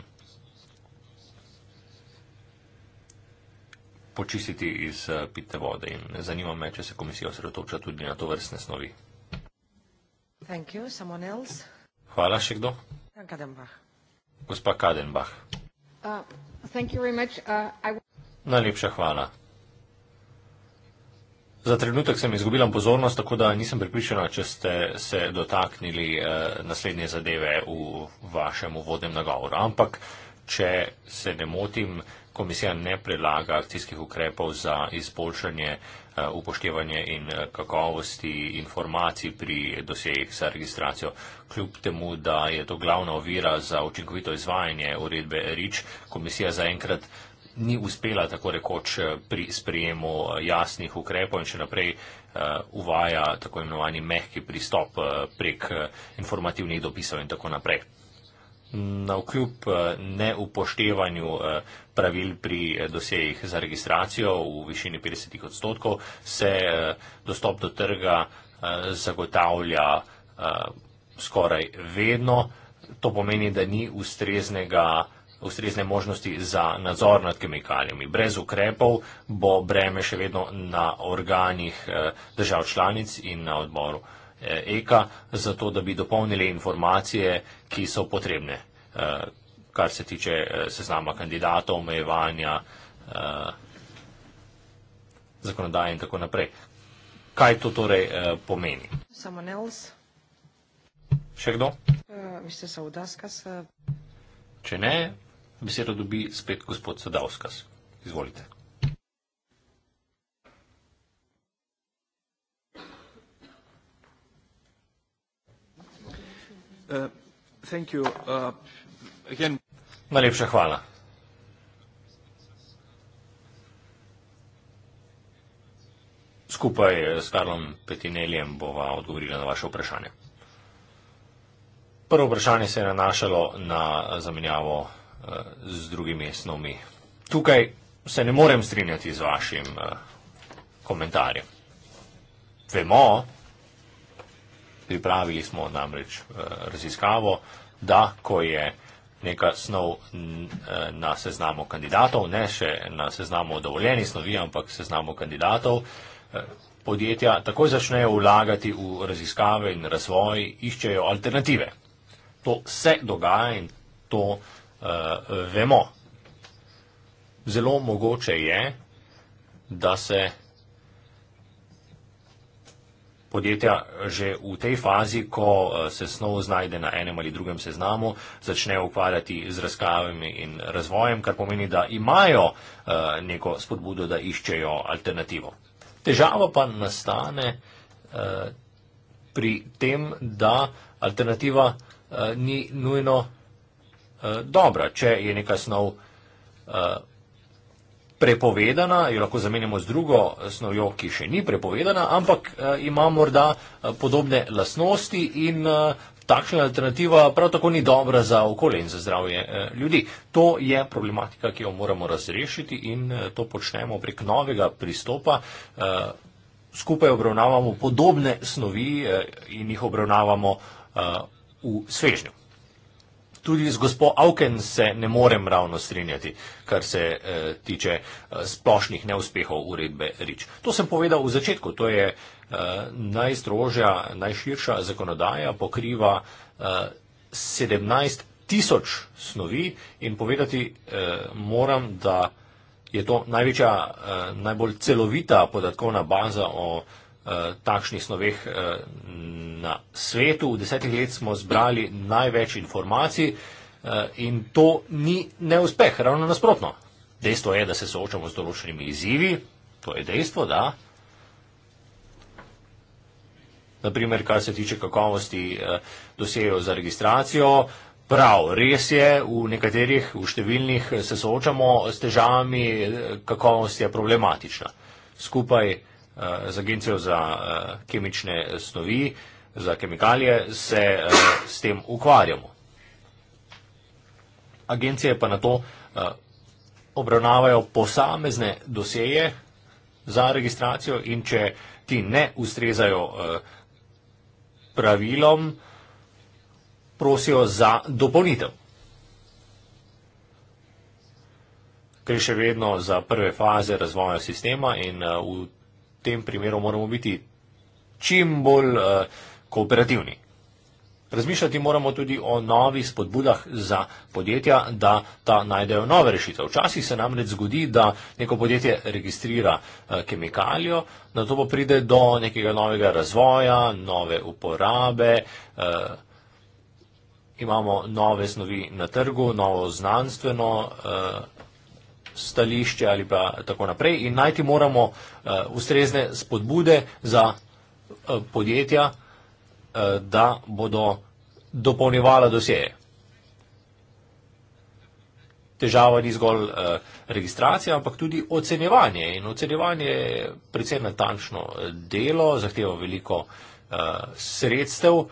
počistiti iz eh, pitne vode. In zanima me, če se komisija osredotoča tudi na to vrstne snovi. Hvala, še kdo? Kadenbach. Gospa Kadenbach. Uh, uh Najlepša hvala. Za trenutek sem izgubila pozornost, tako da nisem pripričana, če ste se dotaknili eh, naslednje zadeve v vašem uvodnem nagovoru. Ampak, če se ne motim, komisija ne prelaga akcijskih ukrepov za izboljšanje eh, upoštevanje in eh, kakovosti informacij pri dosejih za registracijo. Kljub temu, da je to glavna ovira za učinkovito izvajanje uredbe RIČ, komisija zaenkrat ni uspela tako rekoč eh, pri sprejemu jasnih ukrepov in še naprej uvaja tako imenovani mehki pristop prek informativnih dopisov in tako naprej na vkljub eh, neupoštevanju eh, pravil pri eh, dosejih za registracijo v višini 50 odstotkov, se dostop do trga zagotavlja skoraj vedno. To pomeni, da ni ustreznega ustrezne možnosti za nadzor nad kemikalijami. Brez ukrepov bo breme še vedno na organih držav članic in na odboru. Eh, EKA, zato da bi dopolnili informacije, ki so potrebne, eh, kar se tiče eh, seznama kandidatov, omejevanja, zakonodaje in tako naprej. Kaj to torej pomeni? Še kdo? Če ne, besedo dobi spet gospod Sadavskas. Izvolite. Uh, uh, Najlepša hvala. Skupaj s Karlom Petineljem bova odgovorila na vaše vprašanje. Prvo vprašanje se je nanašalo na zamenjavo uh, z drugimi snovmi. Tukaj se ne morem strinjati z vašim komentarjem. Vemo, pripravili smo namreč uh, raziskavo, da ko je neka snov eh, na seznamu kandidatov, ne še na seznamu dovoljenih snovi, ampak seznamu kandidatov, eh, podjetja takoj začnejo vlagati v raziskave in razvoj, iščejo alternative. To se dogaja in to uh, vemo. Zelo mogoče je, da se podjetja že v tej fazi, ko eh, se snov znajde na enem ali drugem seznamu, začnejo ukvarjati z razkavami in razvojem, kar pomeni, da imajo eh, neko spodbudo, da iščejo alternativo. Težava pa nastane eh, pri tem, da alternativa ni nujno dobra, če je neka snov prepovedana, jo lahko zamenjamo z drugo snovjo, ki še ni prepovedana, ampak eh, ima morda eh, podobne lasnosti in eh, takšna alternativa prav tako ni dobra za okolje in za zdravje ljudi. To je problematika, ki jo moramo razrešiti in to počnemo prek novega pristopa. Skupaj obravnavamo podobne snovi in jih obravnavamo v svežnju. Tudi z gospod Auken se ne morem ravno strinjati, kar se eh, tiče eh, splošnih neuspehov uredbe Rič. To sem povedal v začetku, to je eh, najstrožja, najširša zakonodaja, pokriva eh, 17 tisoč snovi in povedati eh, moram, da je to največja, eh, najbolj celovita podatkovna baza o Eh, takšnih snoveh eh, na svetu. V desetih let smo zbrali največ informacij eh, in to ni neuspeh, ravno nasprotno. Dejstvo je, da se soočamo z določenimi izzivi, to je dejstvo, da. Naprimer, kar se tiče kakovosti dosejo za registracijo, prav, res je, v nekaterih, v številnih se soočamo s težavami, kakovost je problematična. Skupaj Eh, z agencijo za eh, kemične snovi, za kemikalije, se eh, s tem ukvarjamo. Agencije pa na to obravnavajo posamezne doseje za registracijo in če ti ne ustrezajo pravilom, prosijo za dopolnitev. Gre še vedno za prve faze razvoja sistema in v tem primeru moramo biti čim bolj uh, kooperativni. Razmišljati moramo tudi o novih spodbudah za podjetja, da ta najdejo nove rešitve. Včasih se namreč zgodi, da neko podjetje registrira eh, kemikalijo, na to pa pride do nekega novega razvoja, nove uporabe, eh, imamo nove snovi na trgu, novo znanstveno stališče ali pa tako naprej. In najti moramo uh, ustrezne spodbude za uh, podjetja, uh, da bodo dopolnjevala dosjeje. Težava ni zgolj uh, registracija, ampak tudi ocenjevanje. In ocenjevanje je predvsem natančno delo, zahteva veliko uh, sredstev,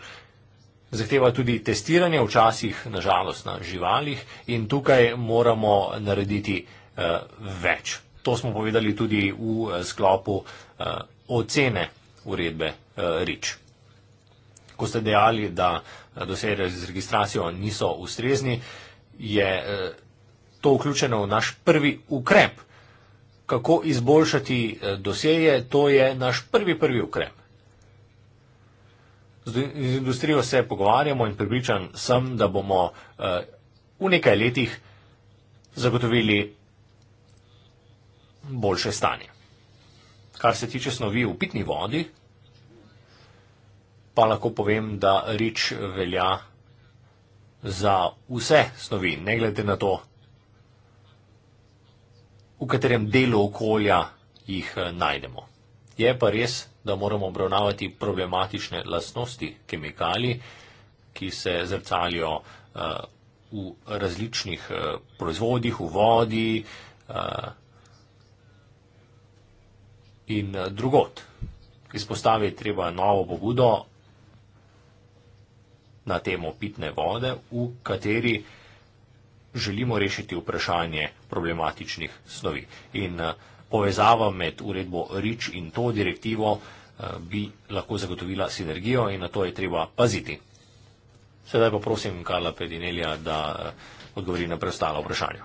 zahteva tudi testiranje, včasih nažalost na živalih. In tukaj moramo narediti uh, Eh, več. To smo povedali tudi v eh, sklopu eh, ocene uredbe REACH. Ko ste dejali, da dosežke z registracijo niso ustrezni, je to vključeno v naš prvi ukrep. Kako izboljšati dosežke, to je naš prvi, prvi ukrep. Z industrijo se pogovarjamo in pripričan sem, da bomo v nekaj letih zagotovili boljše stanje. Kar se tiče snovi v pitni vodi, pa lahko povem, da rič velja za vse snovi, ne glede na to, v katerem delu okolja jih eh, najdemo. Je pa res, da moramo obravnavati problematične lastnosti kemikalij, ki se zrcalijo uh, v različnih uh, proizvodih, v vodi, uh, in eh, drugot. Izpostaviti treba novo pobudo na temo pitne vode, v kateri želimo rešiti vprašanje problematičnih snovi. In eh, povezava med uredbo RIČ in to direktivo eh, bi lahko zagotovila sinergijo in na to je treba paziti. Sedaj pa prosim Karla Pedinelja, da odgovori na preostala vprašanja.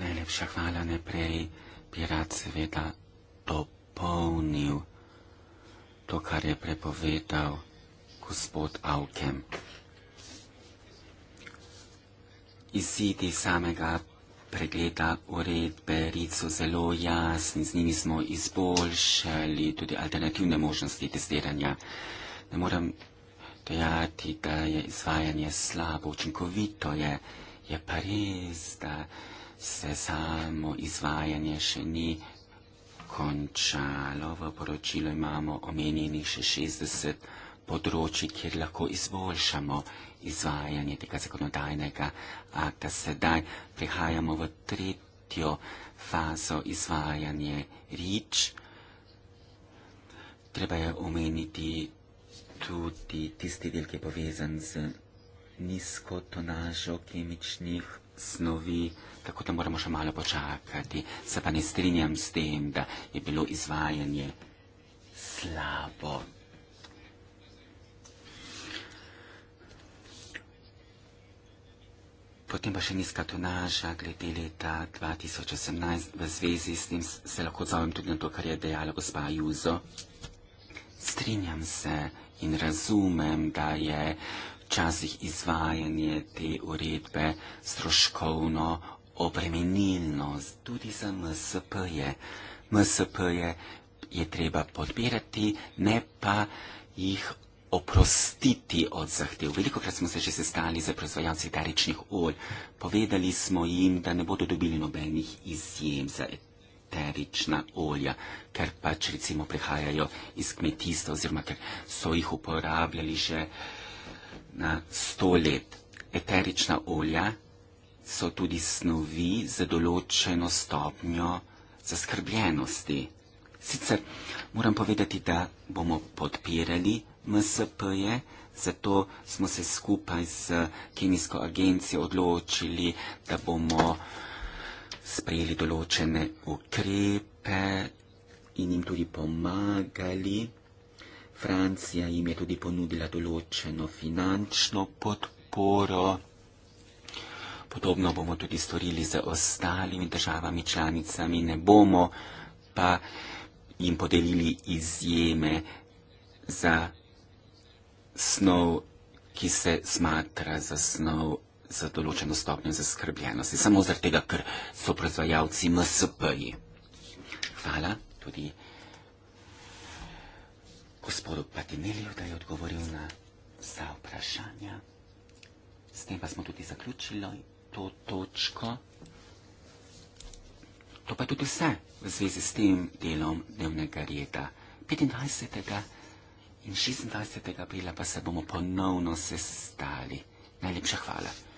Najlepša hvala najprej bi rad seveda dopolnil to, kar je prepovedal gospod Avkem. Izidi samega pregleda uredbe RIC so zelo jasni, z njimi smo izboljšali tudi alternativne možnosti testiranja. Ne morem dejati, da je izvajanje slabo, učinkovito je, je pa res, da se samo izvajanje še ni končalo. V poročilu imamo omenjenih še 60 področji, kjer lahko izboljšamo izvajanje tega zakonodajnega akta. Sedaj prihajamo v tretjo fazo izvajanje rič. Treba je omeniti tudi tisti del, ki je povezan z nizko tonažo kemičnih snovi, tako da moramo še malo počakati. Se pa ne strinjam s tem, da je bilo izvajanje slabo. Potem pa še nizka tonaža glede leta 2018 v zvezi s tem se lahko zovem tudi na to, kar je dejala gospa Juzo. Strinjam se in razumem, da je včasih izvajanje te uredbe stroškovno obremenilno, tudi za MSP-je. MSP-je je treba podpirati, ne pa jih oprostiti od zahtev. Veliko krat smo se že sestali za proizvajalci taričnih olj. Povedali smo jim, da ne bodo dobili nobenih izjem za terična olja, ker pač recimo prihajajo iz kmetijstva oziroma ker so jih uporabljali že uh, na sto let. Eterična olja so tudi snovi z določeno stopnjo zaskrbljenosti. Sicer moram povedati, da bomo podpirali MSP-je, zato smo se skupaj z kemijsko agencijo odločili, da bomo sprejeli določene ukrepe in jim tudi pomagali. Francija jim je tudi ponudila določeno finančno podporo. Podobno bomo tudi storili z ostalimi državami članicami, ne bomo pa jim podelili izjeme za snov, ki se smatra za snov za določeno stopnjo zaskrbljenosti, samo zaradi tega, ker so proizvajalci MSP-ji. Hvala tudi gospodu Patinelju, da je odgovoril na vsa vprašanja. S tem pa smo tudi zaključili to točko. To pa tudi vse v zvezi s tem delom dnevnega reda 25. in 26. aprila pa se bomo ponovno sestali. Najlepša hvala.